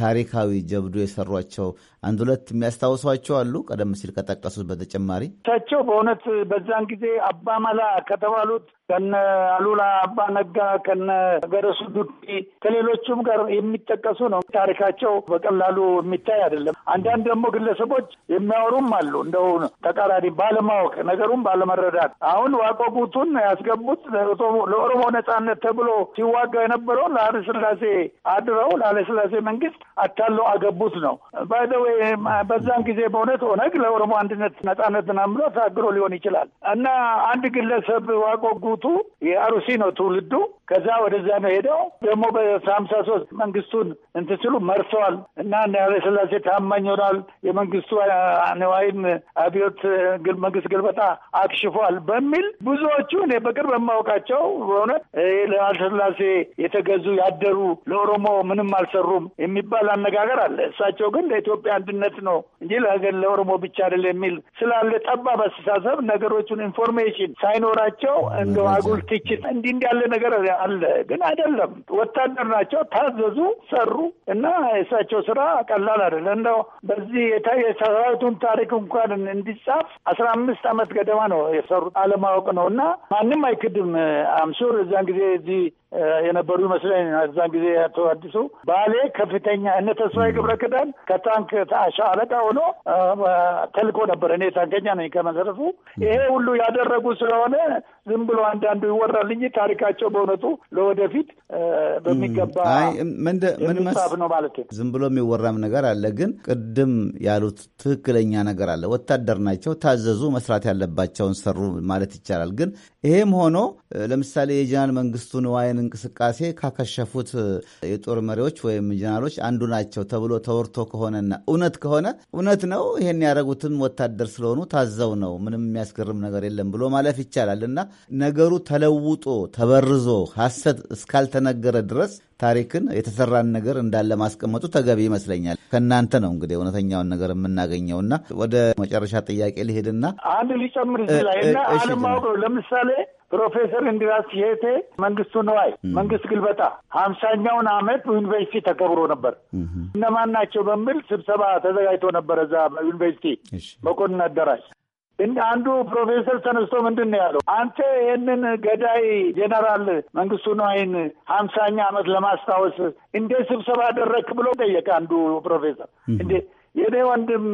ታሪካዊ ጀብዱ የሰሯቸው አንድ ሁለት የሚያስታውሷቸው አሉ። ቀደም ሲል ከጠቀሱት በተጨማሪ እሳቸው በእውነት በዛን ጊዜ አባ መላ ከተባሉት ከነ አሉላ አባ ነጋ፣ ከነ ገረሱ ዱቂ ከሌሎቹም ጋር የሚጠቀሱ ነው። ታሪካቸው በቀላሉ የሚታይ አይደለም። አንዳንድ ደግሞ ግለሰቦች የሚያወሩም አሉ። እንደው ተቃራኒ ባለማወቅ ነገሩም ባለመረዳት አሁን ዋቆ ጉቱን ያስገቡት ለኦሮሞ ነጻነት ተብሎ ሲዋጋ የነበረው ለኃይለ ሥላሴ አድረው ለኃይለ ሥላሴ መንግስት አታለው አገቡት ነው ባይደወ በዛን ጊዜ በእውነት ኦነግ ለኦሮሞ አንድነት ነጻነትና ብሎ ታግሮ ሊሆን ይችላል እና አንድ ግለሰብ ዋቆጉቱ የአሩሲ ነው ትውልዱ። ከዛ ወደዛ ነው ሄደው ደግሞ በሀምሳ ሶስት መንግስቱን እንትን ሲሉ መርሰዋል እና ኃይለሥላሴ ታማኝ ይሆናል የመንግስቱ ነዋይን አብዮት መንግስት ግልበጣ አክሽፏል በሚል ብዙዎቹ እኔ በቅርብ የማወቃቸው በእውነት ለኃይለሥላሴ የተገዙ ያደሩ ለኦሮሞ ምንም አልሰሩም የሚባል አነጋገር አለ። እሳቸው ግን ለኢትዮጵያ አንድነት ነው እንጂ ለሀገር ለኦሮሞ ብቻ አይደል የሚል ስላለ ጠባብ አስተሳሰብ ነገሮቹን ኢንፎርሜሽን ሳይኖራቸው እንደ አጉል ትችት እንዲህ እንዲህ ያለ ነገር አለ። ግን አይደለም ወታደር ናቸው፣ ታዘዙ፣ ሰሩ እና የእሳቸው ስራ ቀላል አይደለ እንደው በዚህ የሰራዊቱን ታሪክ እንኳን እንዲጻፍ አስራ አምስት አመት ገደማ ነው የሰሩት። አለማወቅ ነው እና ማንም አይክድም። አምሱር እዛን ጊዜ እዚህ የነበሩ ይመስለኝ እዛን ጊዜ አቶ አዲሱ ባሌ ከፍተኛ እነ ተስፋዬ ገብረ ክዳን ከታንክ ሻለቃ ሆኖ ተልኮ ነበር። እኔ ታንከኛ ነኝ ከመሰረቱ። ይሄ ሁሉ ያደረጉ ስለሆነ ዝም ብሎ አንዳንዱ ይወራል እንጂ ታሪካቸው በእውነቱ ለወደፊት በሚገባ ነው ማለት ነው። ዝም ብሎ የሚወራም ነገር አለ። ግን ቅድም ያሉት ትክክለኛ ነገር አለ። ወታደር ናቸው፣ ታዘዙ፣ መስራት ያለባቸውን ሰሩ ማለት ይቻላል። ግን ይሄም ሆኖ ለምሳሌ የጀነራል መንግስቱ ንዋይን እንቅስቃሴ ካከሸፉት የጦር መሪዎች ወይም ጀነራሎች አንዱ ናቸው ተብሎ ተወርቶ ከሆነና እውነት ከሆነ እውነት ነው፣ ይሄን ያደረጉትም ወታደር ስለሆኑ ታዘው ነው፣ ምንም የሚያስገርም ነገር የለም ብሎ ማለፍ ይቻላል እና ነገሩ ተለውጦ ተበርዞ ሐሰት እስካልተነገረ ድረስ ታሪክን የተሰራን ነገር እንዳለ ማስቀመጡ ተገቢ ይመስለኛል። ከእናንተ ነው እንግዲህ እውነተኛውን ነገር የምናገኘውና ወደ መጨረሻ ጥያቄ ልሄድና አንድ ሊጨምር ይችላል እና አለማወቅ ለምሳሌ ፕሮፌሰር እንዲራስ ሼቴ መንግስቱ ነዋይ መንግስት ግልበጣ ሀምሳኛውን አመት ዩኒቨርሲቲ ተከብሮ ነበር። እነማን ናቸው በሚል ስብሰባ ተዘጋጅቶ ነበር እዛ ዩኒቨርሲቲ መኮንን አዳራሽ እንደ አንዱ ፕሮፌሰር ተነስቶ ምንድን ነው ያለው? አንተ ይህንን ገዳይ ጄኔራል መንግስቱ ነዋይን ሀምሳኛ አመት ለማስታወስ እንዴት ስብሰባ አደረግክ ብሎ ጠየቀ። አንዱ ፕሮፌሰር እንዴ የኔ ወንድም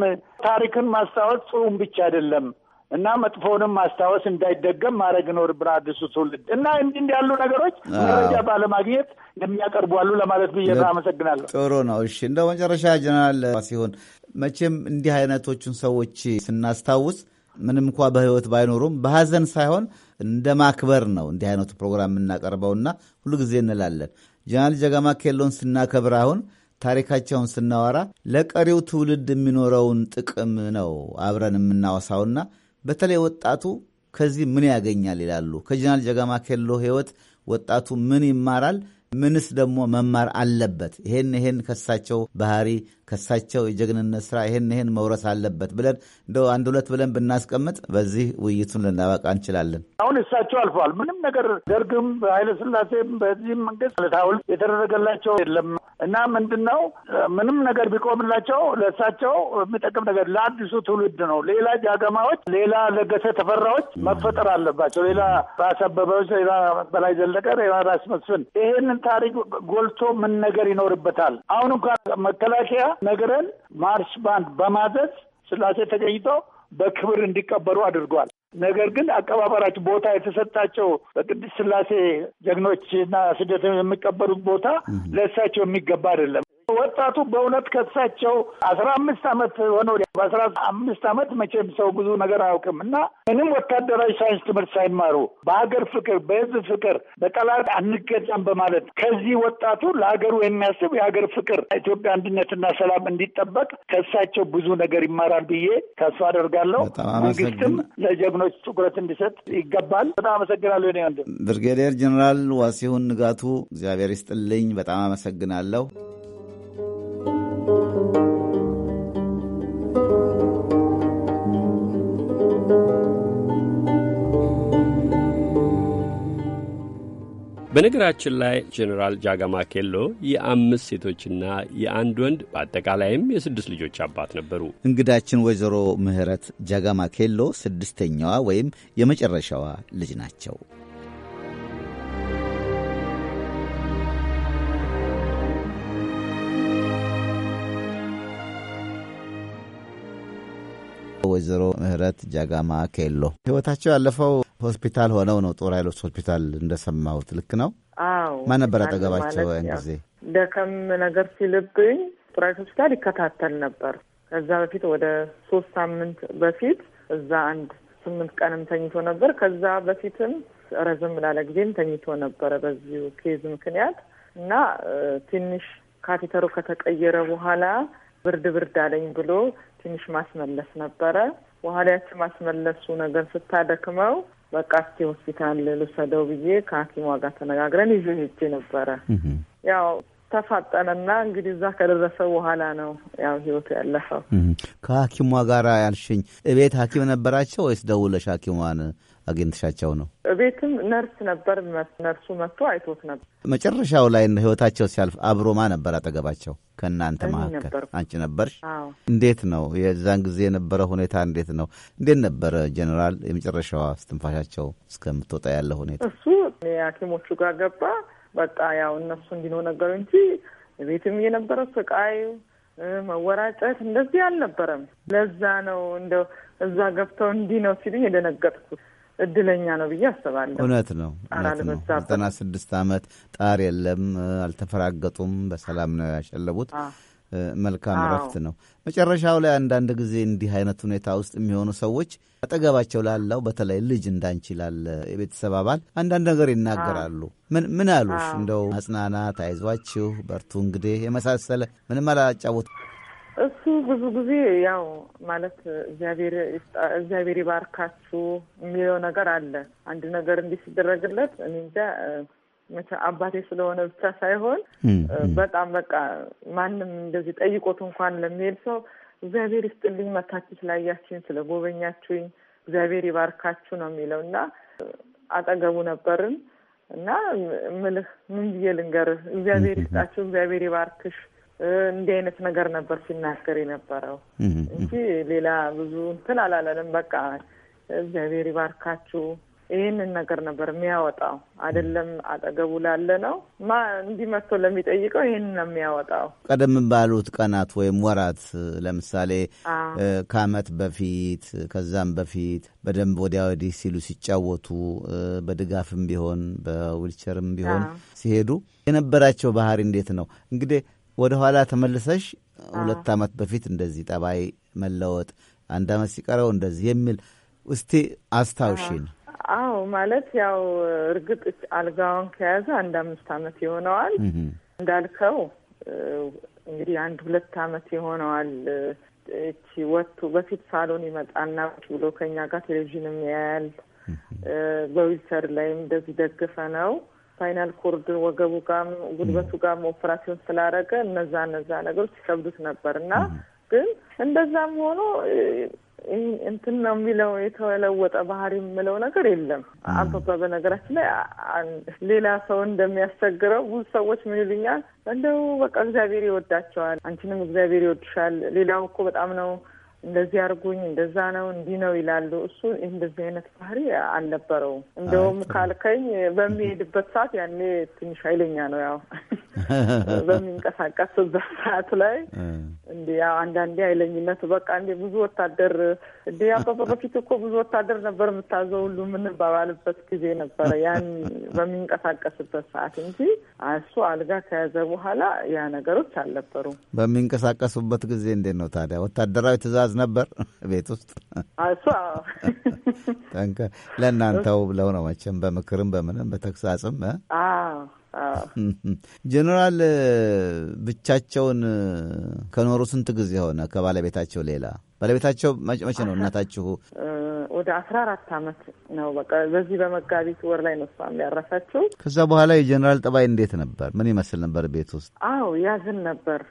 ታሪክን ማስታወስ ጽሁም ብቻ አይደለም እና መጥፎንም ማስታወስ እንዳይደገም ማድረግ ይኖርብናል አዲሱ ትውልድ እና እንዲህ እንዲህ ያሉ ነገሮች መረጃ ባለማግኘት የሚያቀርቡ አሉ ለማለት ብዬ አመሰግናለሁ። ጥሩ ነው። እሺ እንደ መጨረሻ ጀነራል ሲሆን መቼም እንዲህ አይነቶቹን ሰዎች ስናስታውስ ምንም እንኳ በህይወት ባይኖሩም በሐዘን ሳይሆን እንደ ማክበር ነው እንዲህ አይነቱ ፕሮግራም የምናቀርበውና ሁሉ ጊዜ እንላለን። ጀነራል ጀጋማ ኬሎን ስናከብር አሁን ታሪካቸውን ስናወራ ለቀሪው ትውልድ የሚኖረውን ጥቅም ነው አብረን የምናወሳውና በተለይ ወጣቱ ከዚህ ምን ያገኛል ይላሉ። ከጀነራል ጀጋማ ኬሎ ህይወት ወጣቱ ምን ይማራል? ምንስ ደግሞ መማር አለበት? ይሄን ይሄን ከሳቸው ባህሪ ከሳቸው የጀግንነት ስራ ይህን ይህን መውረስ አለበት ብለን እንደ አንድ ሁለት ብለን ብናስቀምጥ በዚህ ውይይቱን ልናበቃ እንችላለን። አሁን እሳቸው አልፈዋል። ምንም ነገር ደርግም ኃይለስላሴም በዚህም መንግስት ለታውል የተደረገላቸው የለም እና ምንድን ነው ምንም ነገር ቢቆምላቸው ለእሳቸው የሚጠቅም ነገር ለአዲሱ ትውልድ ነው። ሌላ ጃገማዎች፣ ሌላ ለገሰ ተፈራዎች መፈጠር አለባቸው። ሌላ ራስ አበበዎች፣ ሌላ በላይ ዘለቀ፣ ሌላ ራስ መስፍን ይሄንን ታሪክ ጎልቶ ምን ነገር ይኖርበታል። አሁን እንኳን መከላከያ ነግረን ማርሽ ባንድ በማዘዝ ስላሴ ተገኝተው በክብር እንዲቀበሩ አድርጓል። ነገር ግን አቀባበራቸው ቦታ የተሰጣቸው በቅድስት ስላሴ ጀግኖችና ስደተኞች የሚቀበሩት ቦታ ለእሳቸው የሚገባ አይደለም። ወጣቱ በእውነት ከሳቸው አስራ አምስት አመት ሆነው በአስራ አምስት አመት መቼም ሰው ብዙ ነገር አያውቅም እና ምንም ወታደራዊ ሳይንስ ትምህርት ሳይማሩ በሀገር ፍቅር፣ በህዝብ ፍቅር፣ በጠላት አንገዛም በማለት ከዚህ ወጣቱ ለሀገሩ የሚያስብ የሀገር ፍቅር፣ ኢትዮጵያ አንድነትና ሰላም እንዲጠበቅ ከሳቸው ብዙ ነገር ይማራል ብዬ ተስፋ አደርጋለሁ። መንግስትም ለጀግኖች ትኩረት እንዲሰጥ ይገባል። በጣም አመሰግናለሁ። ኔ ወንድም ብርጌዴር ጀኔራል ዋሲሁን ንጋቱ እግዚአብሔር ይስጥልኝ። በጣም አመሰግናለሁ። በነገራችን ላይ ጄኔራል ጃጋማ ኬሎ የአምስት ሴቶችና የአንድ ወንድ በአጠቃላይም የስድስት ልጆች አባት ነበሩ። እንግዳችን ወይዘሮ ምህረት ጃጋማ ኬሎ ስድስተኛዋ ወይም የመጨረሻዋ ልጅ ናቸው። ወይዘሮ ምህረት ጃጋማ ኬሎ ህይወታቸው ያለፈው ሆስፒታል ሆነው ነው፣ ጦር ኃይሎች ሆስፒታል እንደሰማሁት ልክ ነው? አዎ። ማን ነበር አጠገባቸው? ያን ጊዜ ደከም ነገር ሲልብኝ ጦር ኃይሎች ሆስፒታል ይከታተል ነበር። ከዛ በፊት ወደ ሶስት ሳምንት በፊት እዛ አንድ ስምንት ቀንም ተኝቶ ነበር። ከዛ በፊትም ረዘም ላለ ጊዜም ተኝቶ ነበረ በዚሁ ኬዝ ምክንያት እና ትንሽ ካቴተሩ ከተቀየረ በኋላ ብርድ ብርድ አለኝ ብሎ ትንሽ ማስመለስ ነበረ። በኋላ ያቺ ማስመለሱ ነገር ስታደክመው በቃ እስቲ ሆስፒታል ልውሰደው ብዬ ከሐኪሟ ጋር ተነጋግረን ይዤ ሄጄ ነበረ። ያው ተፋጠነና እንግዲህ እዛ ከደረሰ በኋላ ነው ያው ህይወቱ ያለፈው። ከሐኪሟ ጋር ያልሽኝ እቤት ሐኪም ነበራቸው ወይስ ደውለሽ ሐኪሟን አግኝተሻቸው ነው? ቤትም ነርስ ነበር። ነርሱ መጥቶ አይቶት ነበር። መጨረሻው ላይ ህይወታቸው ሲያልፍ አብሮ ማ ነበር አጠገባቸው? ከእናንተ መካከል አንቺ ነበርሽ? እንዴት ነው የዛን ጊዜ የነበረ ሁኔታ እንዴት ነው? እንዴት ነበረ ጀኔራል? የመጨረሻዋ ስትንፋሻቸው እስከምትወጣ ያለ ሁኔታ? እሱ የሐኪሞቹ ጋር ገባ። በቃ ያው እነሱ እንዲነው ነገሩ እንጂ ቤትም እየነበረ ስቃይ መወራጨት እንደዚህ አልነበረም። ለዛ ነው እንደው እዛ ገብተው እንዲህ ነው ሲሉኝ የደነገጥኩት። እድለኛ ነው ብዬ አስባለሁ። እውነት ነው እውነት ነው። ዘጠና ስድስት አመት ጣር የለም አልተፈራገጡም። በሰላም ነው ያሸለቡት። መልካም እረፍት ነው። መጨረሻው ላይ አንዳንድ ጊዜ እንዲህ አይነት ሁኔታ ውስጥ የሚሆኑ ሰዎች አጠገባቸው ላለው በተለይ ልጅ እንዳንቺ ላለ የቤተሰብ አባል አንዳንድ ነገር ይናገራሉ። ምን ምን አሉሽ? እንደው አጽናናት፣ አይዟችሁ፣ በርቱ እንግዲህ የመሳሰለ ምንም አላጫወቱ እሱ ብዙ ጊዜ ያው ማለት እግዚአብሔር ይባርካችሁ የሚለው ነገር አለ። አንድ ነገር እንዲህ ሲደረግለት እኔ እንጃ አባቴ ስለሆነ ብቻ ሳይሆን በጣም በቃ ማንም እንደዚህ ጠይቆት እንኳን ለሚሄድ ሰው እግዚአብሔር ይስጥልኝ፣ መታችሁ ስላያችሁኝ፣ ስለጎበኛችሁኝ እግዚአብሔር ይባርካችሁ ነው የሚለው እና አጠገቡ ነበርን እና ምልህ ምን ብዬ ልንገርህ፣ እግዚአብሔር ይስጣችሁ፣ እግዚአብሔር ይባርክሽ እንዲህ አይነት ነገር ነበር ሲናገር የነበረው እንጂ ሌላ ብዙ እንትን አላለንም። በቃ እግዚአብሔር ይባርካችሁ ይህንን ነገር ነበር የሚያወጣው። አይደለም አጠገቡ ላለ ነው ማ እንዲህ መጥቶ ለሚጠይቀው ይህን ነው የሚያወጣው። ቀደም ባሉት ቀናት ወይም ወራት ለምሳሌ ከአመት በፊት ከዛም በፊት በደንብ ወዲያ ወዲህ ሲሉ ሲጫወቱ፣ በድጋፍም ቢሆን በዊልቸርም ቢሆን ሲሄዱ የነበራቸው ባህሪ እንዴት ነው እንግዲህ ወደ ኋላ ተመልሰሽ ሁለት ዓመት በፊት እንደዚህ ጠባይ መለወጥ አንድ ዓመት ሲቀረው እንደዚህ የሚል እስቲ አስታውሽን። አዎ ማለት ያው እርግጥ አልጋውን ከያዘ አንድ አምስት ዓመት ይሆነዋል እንዳልከው እንግዲህ አንድ ሁለት ዓመት ይሆነዋል። እቺ ወጥቶ በፊት ሳሎን ይመጣና ቁጭ ብሎ ከኛ ጋር ቴሌቪዥንም ያያል። በዊልቸር ላይም እንደዚህ ደግፈ ነው ስፓይናል ኮርድ ወገቡ ጋም ጉልበቱ ጋም ኦፕራሲዮን ስላረገ እነዛ እነዛ ነገሮች ይከብዱት ነበር እና ግን እንደዛም ሆኖ እንትን ነው የሚለው የተለወጠ ባህሪ የምለው ነገር የለም። አበባ በነገራችን ላይ ሌላ ሰው እንደሚያስቸግረው ብዙ ሰዎች ምን ይሉኛል፣ እንደው በቃ እግዚአብሔር ይወዳቸዋል፣ አንቺንም እግዚአብሔር ይወድሻል። ሌላው እኮ በጣም ነው እንደዚህ አድርጉኝ እንደዛ ነው እንዲህ ነው ይላሉ። እሱ እንደዚህ አይነት ባህሪ አልነበረውም። እንደውም ካልከኝ በሚሄድበት ሰዓት ያኔ ትንሽ ኃይለኛ ነው ያው በሚንቀሳቀስበት ሰዓት ላይ እንዲ ያው አንዳንዴ አይለኝነት በቃ እንዲ ብዙ ወታደር እንዲ ያው በፊት እኮ ብዙ ወታደር ነበር የምታዘው ሁሉ የምንባባልበት ጊዜ ነበረ። ያን በሚንቀሳቀስበት ሰዓት እንጂ እሱ አልጋ ከያዘ በኋላ ያ ነገሮች አልነበሩም። በሚንቀሳቀሱበት ጊዜ እንዴት ነው ታዲያ? ወታደራዊ ትዕዛዝ ነበር ቤት ውስጥ እሱ ለእናንተው ብለው ነው መቼም በምክርም በምንም በተግሳጽም ጀኔራል ብቻቸውን ከኖሩ ስንት ጊዜ ሆነ ከባለቤታቸው ሌላ? ባለቤታቸው መቼ ነው እናታችሁ? ወደ አስራ አራት አመት ነው። በቃ በዚህ በመጋቢት ወር ላይ ነው እሷም ያረፈችው። ከዛ በኋላ የጀኔራል ጠባይ እንዴት ነበር? ምን ይመስል ነበር ቤት ውስጥ? አዎ ያዝን ነበር።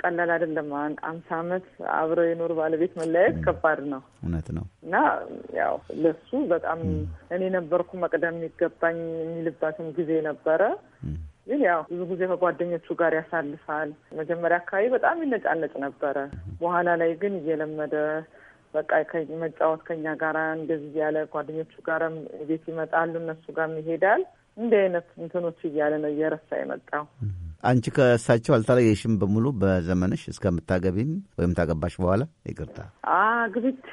ቀላል አይደለም። አንድ አምሳ አመት አብረው የኖር ባለቤት መለያየት ከባድ ነው። እውነት ነው። እና ያው ለሱ በጣም እኔ ነበርኩ መቅደም የሚገባኝ የሚልባትም ጊዜ ነበረ ግን ያው ብዙ ጊዜ ከጓደኞቹ ጋር ያሳልፋል። መጀመሪያ አካባቢ በጣም ይነጫነጭ ነበረ። በኋላ ላይ ግን እየለመደ በቃ መጫወት ከኛ ጋር እንደዚህ ያለ ጓደኞቹ ጋርም ቤት ይመጣሉ፣ እነሱ ጋርም ይሄዳል። እንዲህ አይነት እንትኖች እያለ ነው እየረሳ የመጣው። አንቺ ከእሳቸው አልተለየሽም በሙሉ በዘመንሽ እስከምታገቢም ወይም ታገባሽ በኋላ ይቅርታ አግብቼ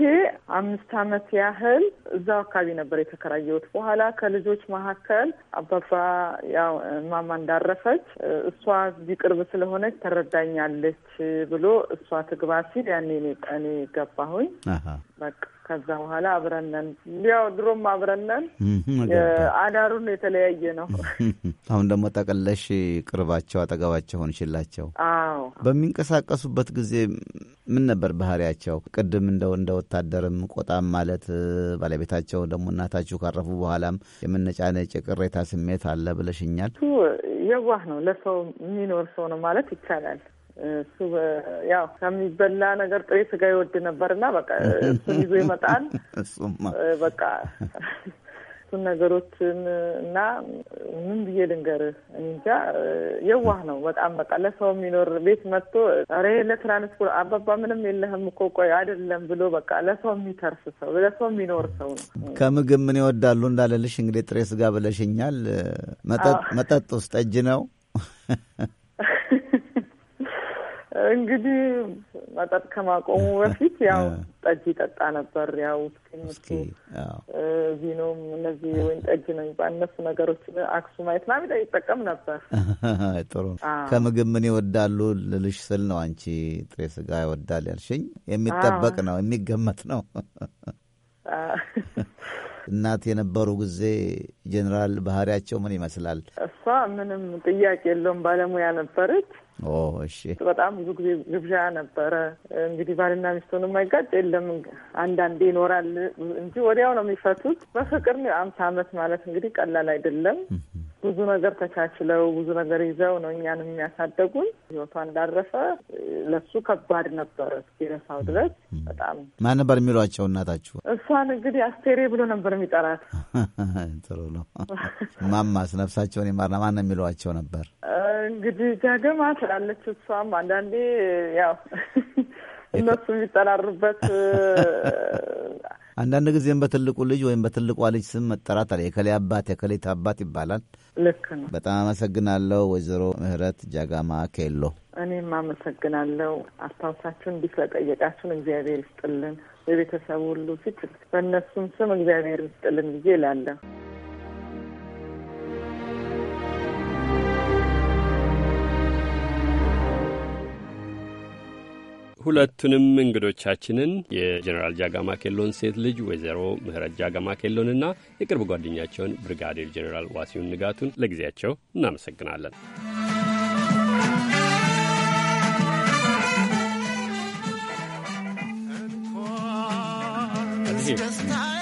አምስት አመት ያህል እዛው አካባቢ ነበር የተከራየሁት። በኋላ ከልጆች መካከል አባባ ያው ማማ እንዳረፈች እሷ እዚህ ቅርብ ስለሆነች ተረዳኛለች ብሎ እሷ ትግባ ሲል ያኔ እኔ ገባሁኝ። በቃ ከዛ በኋላ አብረነን እንዲያው ድሮም አብረነን አዳሩን የተለያየ ነው። አሁን ደግሞ ጠቅለሽ ቅርባቸው አጠገባቸው ሆንሽላቸው። አዎ በሚንቀሳቀሱበት ጊዜ ምን ነበር ባህሪያቸው? ቅድም እንደው እንደ ወታደርም ቆጣም ማለት ባለቤታቸው ደግሞ እናታችሁ ካረፉ በኋላም የመነጫነጭ ቅሬታ ስሜት አለ ብለሽኛል። የዋህ ነው ለሰው የሚኖር ሰው ነው ማለት ይቻላል። እሱ ያው ከሚበላ ነገር ጥሬ ስጋ ይወድ ነበርና በቃ እሱን ይዞ ይመጣል። በቃ እሱን ነገሮችን እና ምን ብዬ ልንገርህ እንጃ የዋህ ነው በጣም በቃ ለሰው የሚኖር ቤት መጥቶ ኧረ ለትራንስፖርት አባባ ምንም የለህም እኮ ቆይ አይደለም ብሎ በቃ ለሰው የሚተርስ ሰው ለሰው የሚኖር ሰው ነው። ከምግብ ምን ይወዳሉ እንዳለልሽ እንግዲህ ጥሬ ስጋ ብለሽኛል። መጠጥ ውስጥ ጠጅ ነው እንግዲህ መጠጥ ከማቆሙ በፊት ያው ጠጅ ይጠጣ ነበር። ያው ስኪኖቹ ቪኖም እነዚህ ወይን ጠጅ ነው የሚባል እነሱ ነገሮች አክሱም ማየት ምናምን ይጠቀም ነበር። ጥሩ ከምግብ ምን ይወዳሉ ልልሽ ስል ነው አንቺ ጥሬ ስጋ ይወዳል ያልሽኝ። የሚጠበቅ ነው የሚገመት ነው። እናት የነበሩ ጊዜ ጀኔራል ባህሪያቸው ምን ይመስላል? እሷ ምንም ጥያቄ የለውም ባለሙያ ነበረች። እሺ በጣም ብዙ ጊዜ ግብዣ ነበረ። እንግዲህ ባልና ሚስቱን የማይጋጭ የለም። አንዳንዴ ይኖራል እንጂ ወዲያው ነው የሚፈቱት። በፍቅር አምሳ ዓመት ማለት እንግዲህ ቀላል አይደለም። ብዙ ነገር ተቻችለው ብዙ ነገር ይዘው ነው እኛንም የሚያሳደጉን። ህይወቷ እንዳረፈ ለሱ ከባድ ነበረ እስኪረሳው ድረስ በጣም ማን ነበር የሚሏቸው እናታችሁ? እሷን እንግዲህ አስቴሬ ብሎ ነበር የሚጠራት። ጥሩ ነው። ማማስ ነፍሳቸውን ይማርና ማን ነው የሚሏቸው ነበር? እንግዲህ ጃገማ ትላለች እሷም አንዳንዴ ያው እነሱ የሚጠራሩበት አንዳንድ ጊዜም በትልቁ ልጅ ወይም በትልቋ ልጅ ስም መጠራት አለ። የከሌ አባት የከሌት አባት ይባላል። ልክ ነው። በጣም አመሰግናለሁ ወይዘሮ ምህረት ጃጋማ ኬሎ። እኔም አመሰግናለሁ። አስታውሳችሁ እንዲህ ስለጠየቃችሁን እግዚአብሔር ይስጥልን። በቤተሰቡ ሁሉ ፊት በእነሱም ስም እግዚአብሔር ይስጥልን ጊዜ እላለሁ። ሁለቱንም እንግዶቻችንን የጀኔራል ጃጋማ ኬሎን ሴት ልጅ ወይዘሮ ምህረት ጃጋማ ኬሎንና የቅርብ ጓደኛቸውን ብርጋዴር ጀኔራል ዋሲውን ንጋቱን ለጊዜያቸው እናመሰግናለን። Thank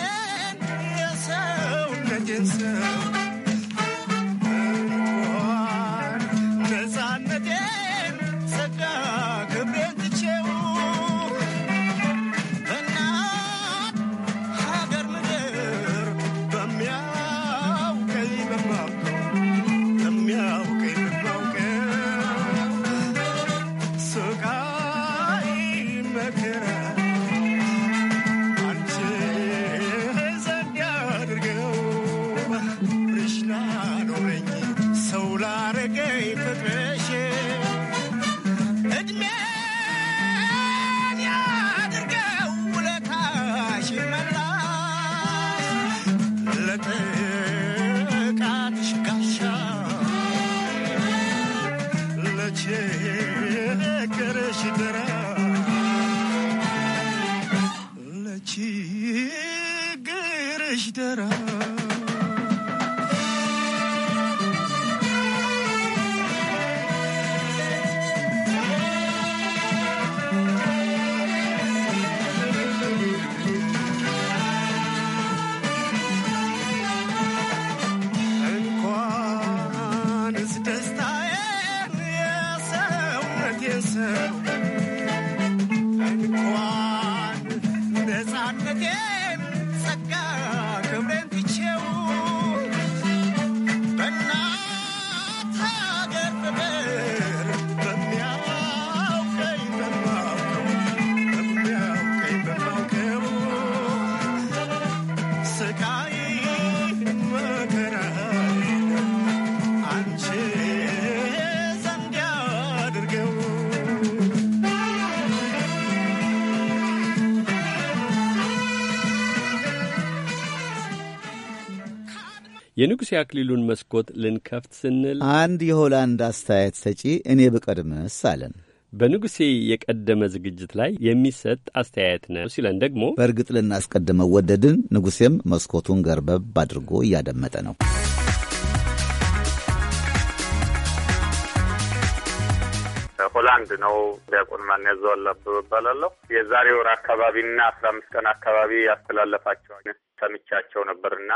የንጉሥ የአክሊሉን መስኮት ልንከፍት ስንል አንድ የሆላንድ አስተያየት ሰጪ እኔ ብቀድምስ አለን። በንጉሴ የቀደመ ዝግጅት ላይ የሚሰጥ አስተያየት ነው ሲለን ደግሞ በእርግጥ ልናስቀድመው ወደድን። ንጉሴም መስኮቱን ገርበብ አድርጎ እያደመጠ ነው። ሆላንድ ነው። ዲያቆን ማን ያዘዋል አበበ እባላለሁ። የዛሬ ወር አካባቢና አስራ አምስት ቀን አካባቢ ያስተላለፋቸው ሰምቻቸው ነበርና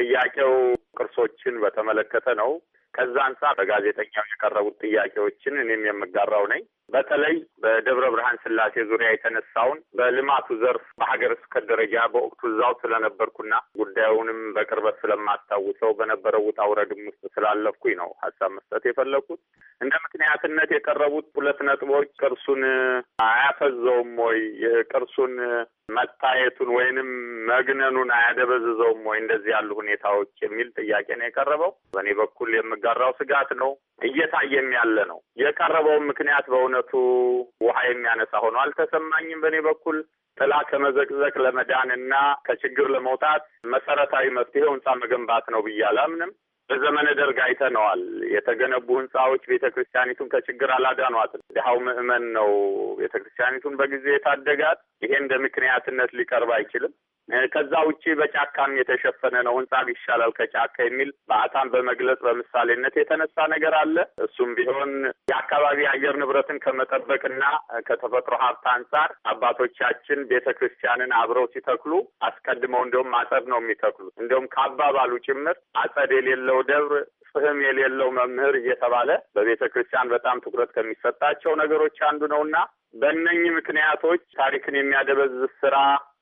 ጥያቄው ቅርሶችን በተመለከተ ነው። ከዛ አንጻር በጋዜጠኛው የቀረቡት ጥያቄዎችን እኔም የምጋራው ነኝ። በተለይ በደብረ ብርሃን ስላሴ ዙሪያ የተነሳውን በልማቱ ዘርፍ በሀገር እስከ ደረጃ በወቅቱ እዛው ስለነበርኩና ጉዳዩንም በቅርበት ስለማስታውሰው በነበረው ውጣ ውረድም ውስጥ ስላለፍኩኝ ነው ሀሳብ መስጠት የፈለግኩት። እንደ ምክንያትነት የቀረቡት ሁለት ነጥቦች ቅርሱን አያፈዘውም ወይ? ቅርሱን መታየቱን ወይንም መግነኑን አያደበዝዘውም ወይ እንደዚህ ያሉ ሁኔታዎች የሚል ጥያቄ ነው የቀረበው። በእኔ በኩል የምጋራው ስጋት ነው፣ እየታየም ያለ ነው። የቀረበውን ምክንያት በእውነቱ ውሃ የሚያነሳ ሆኖ አልተሰማኝም። በእኔ በኩል ጥላ ከመዘቅዘቅ ለመዳን እና ከችግር ለመውጣት መሰረታዊ መፍትሄ ህንጻ መገንባት ነው ብዬ አላምንም። በዘመነ ደርግ አይተነዋል። የተገነቡ ህንጻዎች ቤተ ክርስቲያኒቱን ከችግር አላዳኗት። ድሀው ምዕመን ነው ቤተ ክርስቲያኒቱን በጊዜ የታደጋት። ይሄ እንደ ምክንያትነት ሊቀርብ አይችልም። ከዛ ውጭ በጫካም የተሸፈነ ነው፣ ህንጻ ይሻላል ከጫካ የሚል በአታም በመግለጽ በምሳሌነት የተነሳ ነገር አለ። እሱም ቢሆን የአካባቢ አየር ንብረትን ከመጠበቅና ከተፈጥሮ ሀብት አንጻር አባቶቻችን ቤተ ክርስቲያንን አብረው ሲተክሉ አስቀድመው እንዲሁም አጸድ ነው የሚተክሉት። እንዲሁም ከአባባሉ ጭምር አጸድ የሌለው ደብር ፍህም የሌለው መምህር እየተባለ በቤተ ክርስቲያን በጣም ትኩረት ከሚሰጣቸው ነገሮች አንዱ ነውና በእነኚህ ምክንያቶች ታሪክን የሚያደበዝዝ ስራ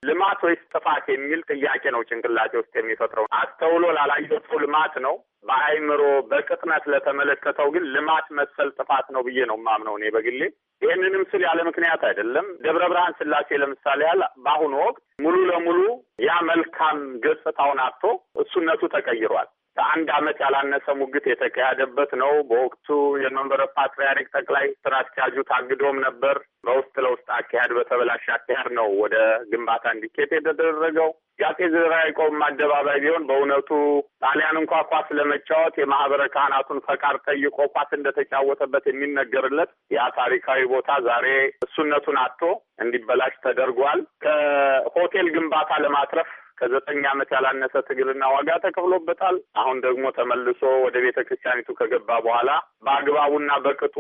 ልማት ወይስ ጥፋት የሚል ጥያቄ ነው ጭንቅላቴ ውስጥ የሚፈጥረው። አስተውሎ ላላየው ልማት ነው፣ በአይምሮ በቅጥነት ለተመለከተው ግን ልማት መሰል ጥፋት ነው ብዬ ነው ማምነው እኔ በግሌ። ይህንንም ስል ያለ ምክንያት አይደለም። ደብረ ብርሃን ስላሴ ለምሳሌ ያህል በአሁኑ ወቅት ሙሉ ለሙሉ ያ መልካም ገጽታውን አጥቶ እሱነቱ ተቀይሯል። ከአንድ ዓመት ያላነሰ ሙግት የተካሄደበት ነው። በወቅቱ የመንበረ ፓትርያርክ ጠቅላይ ስራ አስኪያጁ ታግዶም ነበር። በውስጥ ለውስጥ አካሄድ፣ በተበላሽ አካሄድ ነው ወደ ግንባታ እንዲኬድ የተደረገው። የአጼ ዘርዓ ያዕቆብ አደባባይ ቢሆን በእውነቱ ጣሊያን እንኳ ኳስ ለመጫወት የማህበረ ካህናቱን ፈቃድ ጠይቆ ኳስ እንደተጫወተበት የሚነገርለት ያ ታሪካዊ ቦታ ዛሬ እሱነቱን አጥቶ እንዲበላሽ ተደርጓል። ከሆቴል ግንባታ ለማትረፍ ከዘጠኝ ዓመት ያላነሰ ትግልና ዋጋ ተከፍሎበታል። አሁን ደግሞ ተመልሶ ወደ ቤተ ክርስቲያኒቱ ከገባ በኋላ በአግባቡና በቅጡ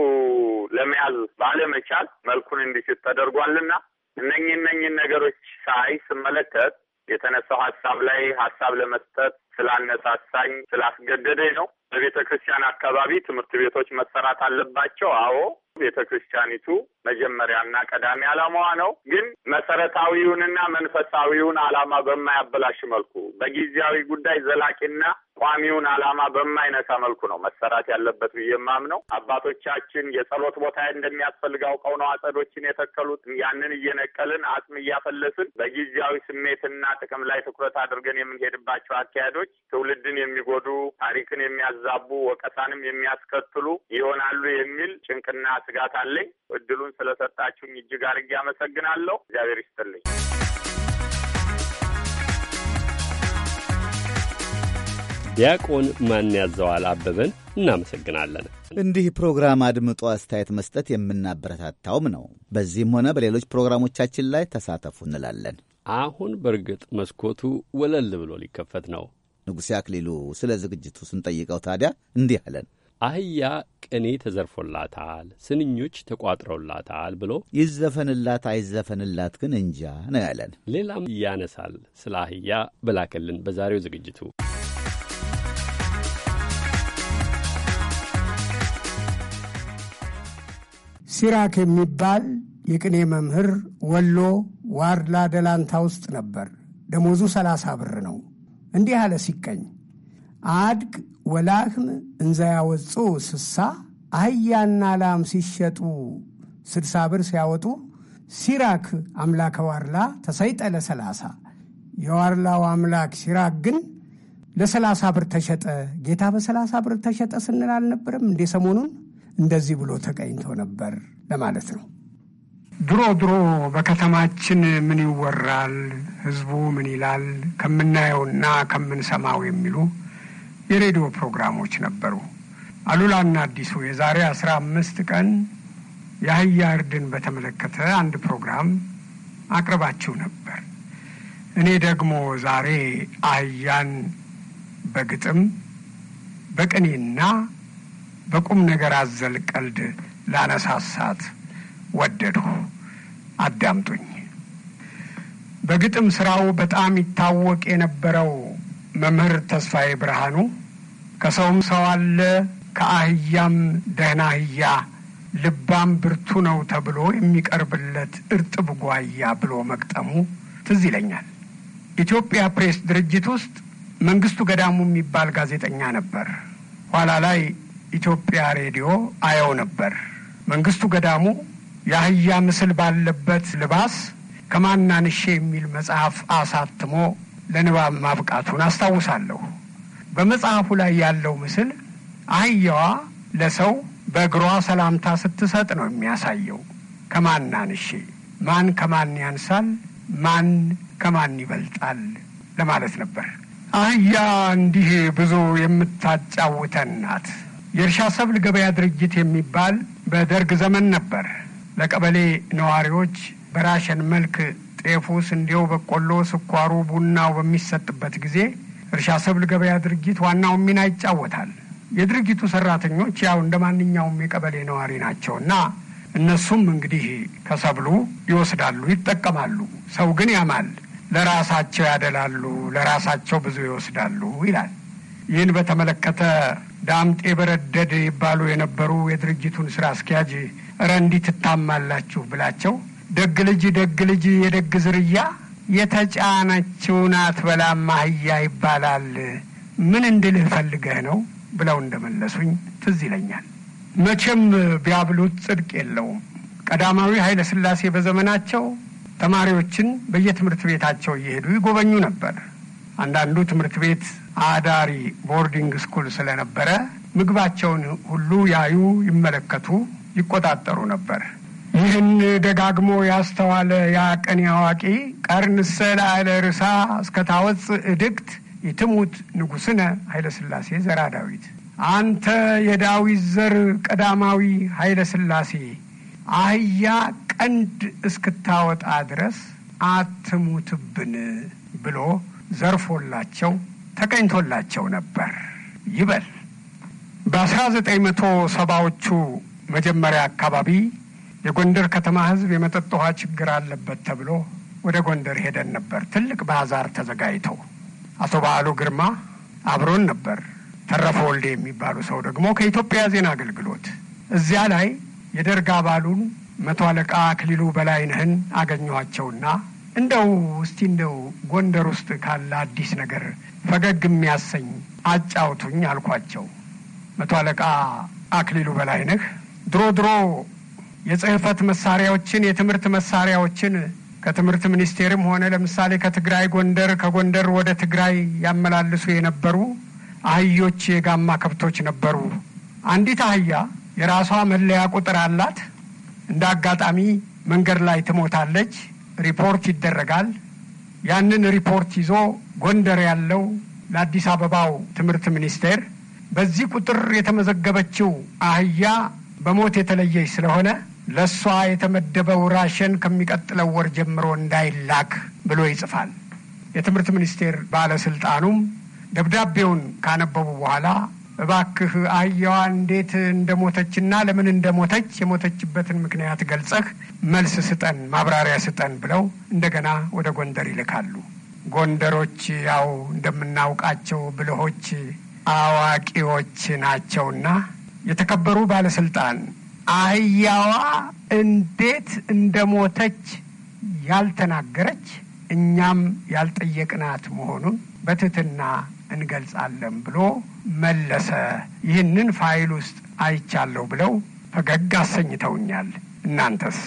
ለመያዝ ባለመቻል መልኩን እንዲችት ተደርጓልና እነኝ እነኝን ነገሮች ሳይ ስመለከት የተነሳው ሀሳብ ላይ ሀሳብ ለመስጠት ስላነሳሳኝ ስላስገደደኝ ነው። በቤተ ክርስቲያን አካባቢ ትምህርት ቤቶች መሰራት አለባቸው። አዎ ቤተ ክርስቲያኒቱ መጀመሪያና ቀዳሚ ዓላማዋ ነው። ግን መሰረታዊውንና መንፈሳዊውን ዓላማ በማያበላሽ መልኩ በጊዜያዊ ጉዳይ ዘላቂና ቋሚውን ዓላማ በማይነሳ መልኩ ነው መሰራት ያለበት ብዬ የማምነው። አባቶቻችን የጸሎት ቦታ እንደሚያስፈልግ አውቀው ነው አጸዶችን የተከሉት። ያንን እየነቀልን አጽም እያፈለስን በጊዜያዊ ስሜትና ጥቅም ላይ ትኩረት አድርገን የምንሄድባቸው አካሄዶች ትውልድን የሚጎዱ ታሪክን የሚያዛቡ፣ ወቀሳንም የሚያስከትሉ ይሆናሉ የሚል ጭንቅና ስጋት አለኝ። እድሉን ስለሰጣችሁኝ እጅግ አድርጌ አመሰግናለሁ። እግዚአብሔር ይስጥልኝ። ዲያቆን ማን ያዘዋል አበበን እናመሰግናለን። እንዲህ ፕሮግራም አድምጦ አስተያየት መስጠት የምናበረታታውም ነው። በዚህም ሆነ በሌሎች ፕሮግራሞቻችን ላይ ተሳተፉ እንላለን። አሁን በእርግጥ መስኮቱ ወለል ብሎ ሊከፈት ነው። ንጉሴ አክሊሉ ስለ ዝግጅቱ ስንጠይቀው ታዲያ እንዲህ አለን። አህያ ቅኔ ተዘርፎላታል፣ ስንኞች ተቋጥረውላታል ብሎ ይዘፈንላት አይዘፈንላት ግን እንጃ ነው ያለን። ሌላም ያነሳል ስለ አህያ ብላከልን በዛሬው ዝግጅቱ ሲራክ የሚባል የቅኔ መምህር ወሎ ዋርላ ደላንታ ውስጥ ነበር። ደሞዙ ሰላሳ ብር ነው። እንዲህ አለ ሲቀኝ አድግ ወላክን እንዘ ያወፁ ስሳ አህያና ላም ሲሸጡ ስድሳ ብር ሲያወጡ ሲራክ አምላከ ዋርላ ተሰይጠ ለሰላሳ የዋርላው አምላክ ሲራክ ግን ለሰላሳ ብር ተሸጠ። ጌታ በሰላሳ ብር ተሸጠ ስንል አልነበረም እንዴ? ሰሞኑን እንደዚህ ብሎ ተቀኝቶ ነበር ለማለት ነው። ድሮ ድሮ በከተማችን ምን ይወራል፣ ህዝቡ ምን ይላል ከምናየውና ከምንሰማው የሚሉ የሬዲዮ ፕሮግራሞች ነበሩ። አሉላና አዲሱ የዛሬ አስራ አምስት ቀን የአህያ እርድን በተመለከተ አንድ ፕሮግራም አቅርባችሁ ነበር። እኔ ደግሞ ዛሬ አህያን በግጥም በቅኔና በቁም ነገር አዘል ቀልድ ላነሳሳት ወደድሁ። አዳምጡኝ። በግጥም ስራው በጣም ይታወቅ የነበረው መምህር ተስፋዬ ብርሃኑ ከሰውም ሰው አለ ከአህያም ደህና አህያ ልባም ብርቱ ነው ተብሎ የሚቀርብለት እርጥብ ጓያ ብሎ መቅጠሙ ትዝ ይለኛል። ኢትዮጵያ ፕሬስ ድርጅት ውስጥ መንግስቱ ገዳሙ የሚባል ጋዜጠኛ ነበር። ኋላ ላይ ኢትዮጵያ ሬዲዮ አየው ነበር። መንግስቱ ገዳሙ የአህያ ምስል ባለበት ልባስ ከማናንሼ የሚል መጽሐፍ አሳትሞ ለንባብ ማብቃቱን አስታውሳለሁ። በመጽሐፉ ላይ ያለው ምስል አህያዋ ለሰው በእግሯ ሰላምታ ስትሰጥ ነው የሚያሳየው። ከማን አንሺ፣ ማን ከማን ያንሳል፣ ማን ከማን ይበልጣል ለማለት ነበር። አህያ እንዲህ ብዙ የምታጫውተን ናት። የእርሻ ሰብል ገበያ ድርጅት የሚባል በደርግ ዘመን ነበር። ለቀበሌ ነዋሪዎች በራሸን መልክ ጤፉ፣ ስንዴው፣ በቆሎ፣ ስኳሩ፣ ቡናው በሚሰጥበት ጊዜ እርሻ ሰብል ገበያ ድርጊት ዋናውን ሚና ይጫወታል። የድርጊቱ ሰራተኞች ያው እንደ ማንኛውም የቀበሌ ነዋሪ ናቸው እና እነሱም እንግዲህ ከሰብሉ ይወስዳሉ፣ ይጠቀማሉ። ሰው ግን ያማል፣ ለራሳቸው ያደላሉ፣ ለራሳቸው ብዙ ይወስዳሉ ይላል። ይህን በተመለከተ ዳምጤ በረደድ ይባሉ የነበሩ የድርጅቱን ስራ አስኪያጅ እረ እንዲህ ትታማላችሁ ብላቸው ደግ ልጅ ደግ ልጅ የደግ ዝርያ የተጫነችው ናት አህያ ይባላል። ምን እንድልህ ፈልገህ ነው ብለው እንደመለሱኝ ትዝ ይለኛል። መቼም ቢያብሉት ጽድቅ የለውም። ቀዳማዊ ኃይለ ሥላሴ በዘመናቸው ተማሪዎችን በየትምህርት ቤታቸው እየሄዱ ይጎበኙ ነበር። አንዳንዱ ትምህርት ቤት አዳሪ ቦርዲንግ ስኩል ስለነበረ ምግባቸውን ሁሉ ያዩ፣ ይመለከቱ፣ ይቆጣጠሩ ነበር። ይህን ደጋግሞ ያስተዋለ ያቀኔ አዋቂ ቀርንሰ ለአለ ርሳ እስከ ታወፅ እድግት ይትሙት ንጉሥነ ኃይለ ሥላሴ ዘራ ዳዊት አንተ የዳዊት ዘር ቀዳማዊ ኃይለ ሥላሴ አህያ ቀንድ እስክታወጣ ድረስ አትሙትብን ብሎ ዘርፎላቸው ተቀኝቶላቸው ነበር ይበል። በአስራ ዘጠኝ መቶ ሰባዎቹ መጀመሪያ አካባቢ የጎንደር ከተማ ህዝብ የመጠጥ ውሃ ችግር አለበት ተብሎ ወደ ጎንደር ሄደን ነበር። ትልቅ ባዛር ተዘጋጅተው አቶ በዓሉ ግርማ አብሮን ነበር። ተረፈ ወልዴ የሚባሉ ሰው ደግሞ ከኢትዮጵያ ዜና አገልግሎት እዚያ ላይ የደርግ አባሉን መቶ አለቃ አክሊሉ በላይነህን አገኘኋቸውና እንደው እስቲ እንደው ጎንደር ውስጥ ካለ አዲስ ነገር ፈገግ የሚያሰኝ አጫውቱኝ አልኳቸው። መቶ አለቃ አክሊሉ በላይነህ ድሮ ድሮ የጽህፈት መሳሪያዎችን፣ የትምህርት መሳሪያዎችን ከትምህርት ሚኒስቴርም ሆነ ለምሳሌ ከትግራይ ጎንደር፣ ከጎንደር ወደ ትግራይ ያመላልሱ የነበሩ አህዮች፣ የጋማ ከብቶች ነበሩ። አንዲት አህያ የራሷ መለያ ቁጥር አላት። እንደ አጋጣሚ መንገድ ላይ ትሞታለች። ሪፖርት ይደረጋል። ያንን ሪፖርት ይዞ ጎንደር ያለው ለአዲስ አበባው ትምህርት ሚኒስቴር በዚህ ቁጥር የተመዘገበችው አህያ በሞት የተለየች ስለሆነ ለእሷ የተመደበው ራሽን ከሚቀጥለው ወር ጀምሮ እንዳይላክ ብሎ ይጽፋል። የትምህርት ሚኒስቴር ባለስልጣኑም ደብዳቤውን ካነበቡ በኋላ እባክህ አህያዋ እንዴት እንደሞተችና ለምን እንደሞተች የሞተችበትን ምክንያት ገልጸህ መልስ ስጠን፣ ማብራሪያ ስጠን ብለው እንደገና ወደ ጎንደር ይልካሉ። ጎንደሮች ያው እንደምናውቃቸው ብልሆች አዋቂዎች ናቸውና የተከበሩ ባለስልጣን አህያዋ እንዴት እንደሞተች ያልተናገረች እኛም ያልጠየቅናት መሆኑን በትህትና እንገልጻለን ብሎ መለሰ። ይህንን ፋይል ውስጥ አይቻለሁ ብለው ፈገግ አሰኝተውኛል። እናንተስ?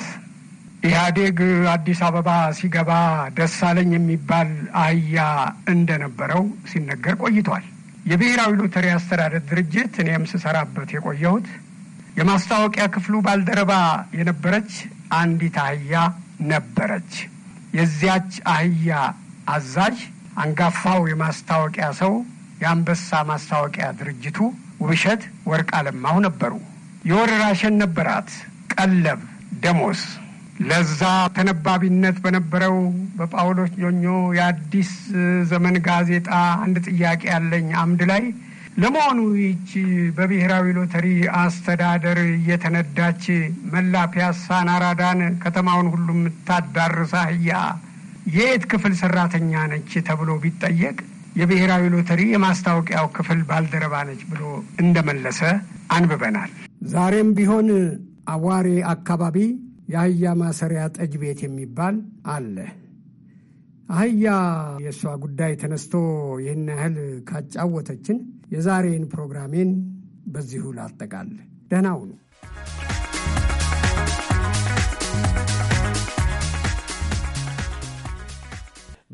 ኢህአዴግ አዲስ አበባ ሲገባ ደሳለኝ የሚባል አህያ እንደነበረው ሲነገር ቆይቷል። የብሔራዊ ሎተሪ አስተዳደር ድርጅት እኔም ስሰራበት የቆየሁት የማስታወቂያ ክፍሉ ባልደረባ የነበረች አንዲት አህያ ነበረች። የዚያች አህያ አዛዥ አንጋፋው የማስታወቂያ ሰው የአንበሳ ማስታወቂያ ድርጅቱ ውብሸት ወርቅ አለማሁ ነበሩ። የወር ራሽን ነበራት፣ ቀለብ፣ ደሞስ ለዛ ተነባቢነት በነበረው በጳውሎስ ኞኞ የአዲስ ዘመን ጋዜጣ አንድ ጥያቄ ያለኝ አምድ ላይ ለመሆኑ ይች በብሔራዊ ሎተሪ አስተዳደር እየተነዳች መላ ፒያሳን፣ አራዳን፣ ከተማውን ሁሉ የምታዳርስ አህያ የየት ክፍል ሰራተኛ ነች ተብሎ ቢጠየቅ የብሔራዊ ሎተሪ የማስታወቂያው ክፍል ባልደረባ ነች ብሎ እንደመለሰ አንብበናል። ዛሬም ቢሆን አዋሬ አካባቢ የአህያ ማሰሪያ ጠጅ ቤት የሚባል አለ። አህያ የእሷ ጉዳይ ተነስቶ ይህን ያህል ካጫወተችን የዛሬን ፕሮግራሜን በዚሁ ላጠቃል። ደህና ሁኑ።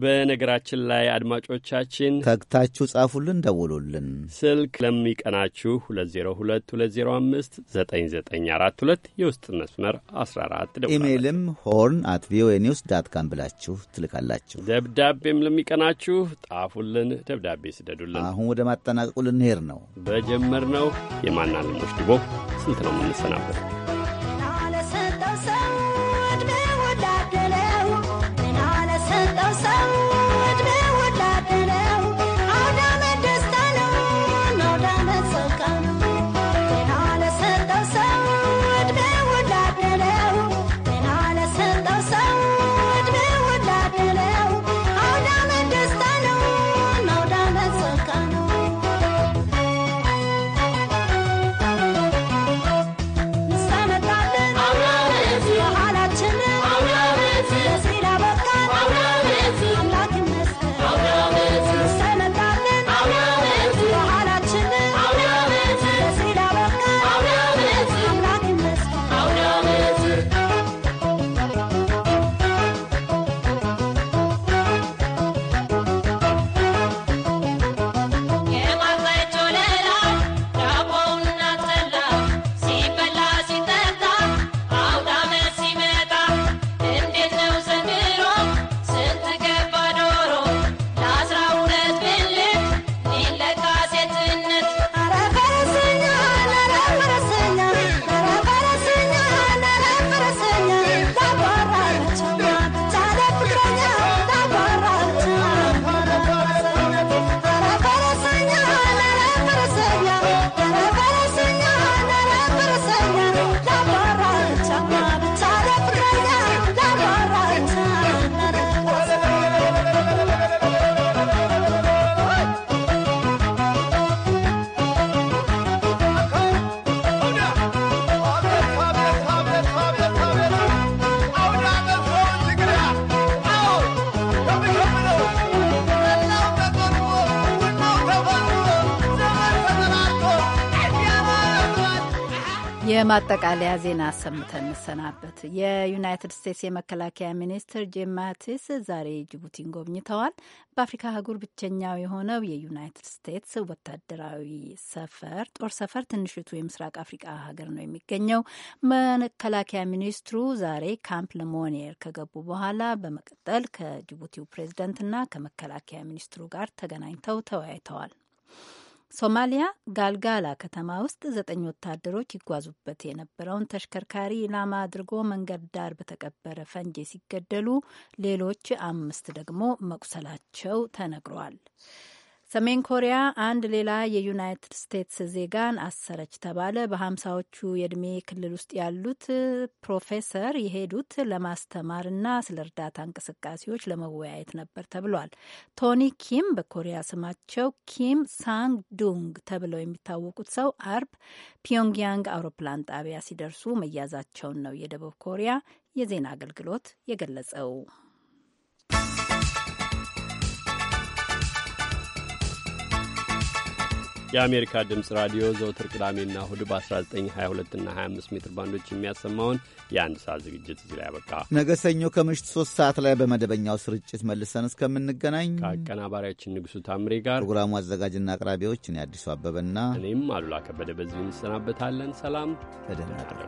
በነገራችን ላይ አድማጮቻችን ተግታችሁ ጻፉልን፣ ደውሉልን። ስልክ ለሚቀናችሁ 2022059942 የውስጥ መስመር 14 ኢሜይልም ሆርን አት ቪኦኤ ኒውስ ዳት ካም ብላችሁ ትልካላችሁ። ደብዳቤም ለሚቀናችሁ ጣፉልን፣ ደብዳቤ ስደዱልን። አሁን ወደ ማጠናቀቁ ልንሄድ ነው። በጀመርነው የማናለሞች ድቦ ስንት ነው የምንሰናበት? በማጠቃለያ ዜና ሰምተን እንሰናበት። የዩናይትድ ስቴትስ የመከላከያ ሚኒስትር ጂም ማቲስ ዛሬ ጅቡቲን ጎብኝተዋል። በአፍሪካ አህጉር ብቸኛው የሆነው የዩናይትድ ስቴትስ ወታደራዊ ሰፈር ጦር ሰፈር ትንሽቱ የምስራቅ አፍሪካ ሀገር ነው የሚገኘው። መከላከያ ሚኒስትሩ ዛሬ ካምፕ ለሞኔር ከገቡ በኋላ በመቀጠል ከጅቡቲው ፕሬዝደንትና ከመከላከያ ሚኒስትሩ ጋር ተገናኝተው ተወያይተዋል። ሶማሊያ ጋልጋላ ከተማ ውስጥ ዘጠኝ ወታደሮች ይጓዙበት የነበረውን ተሽከርካሪ ኢላማ አድርጎ መንገድ ዳር በተቀበረ ፈንጂ ሲገደሉ ሌሎች አምስት ደግሞ መቁሰላቸው ተነግሯል። ሰሜን ኮሪያ አንድ ሌላ የዩናይትድ ስቴትስ ዜጋን አሰረች ተባለ። በሀምሳዎቹ የእድሜ ክልል ውስጥ ያሉት ፕሮፌሰር የሄዱት ለማስተማርና ስለ እርዳታ እንቅስቃሴዎች ለመወያየት ነበር ተብሏል። ቶኒ ኪም በኮሪያ ስማቸው ኪም ሳንግ ዱንግ ተብለው የሚታወቁት ሰው አርብ ፒዮንግያንግ አውሮፕላን ጣቢያ ሲደርሱ መያዛቸውን ነው የደቡብ ኮሪያ የዜና አገልግሎት የገለጸው። የአሜሪካ ድምፅ ራዲዮ ዘውትር ቅዳሜና እሁድ በ1922 እና 25 ሜትር ባንዶች የሚያሰማውን የአንድ ሰዓት ዝግጅት እዚህ ላይ ያበቃ። ነገ ሰኞ ከምሽት ሶስት ሰዓት ላይ በመደበኛው ስርጭት መልሰን እስከምንገናኝ ከአቀናባሪያችን ንጉሱ ታምሬ ጋር ፕሮግራሙ አዘጋጅና አቅራቢዎች እኔ አዲሱ አበበና እኔም አሉላ ከበደ በዚሁ እንሰናበታለን። ሰላም ተደናደሩ።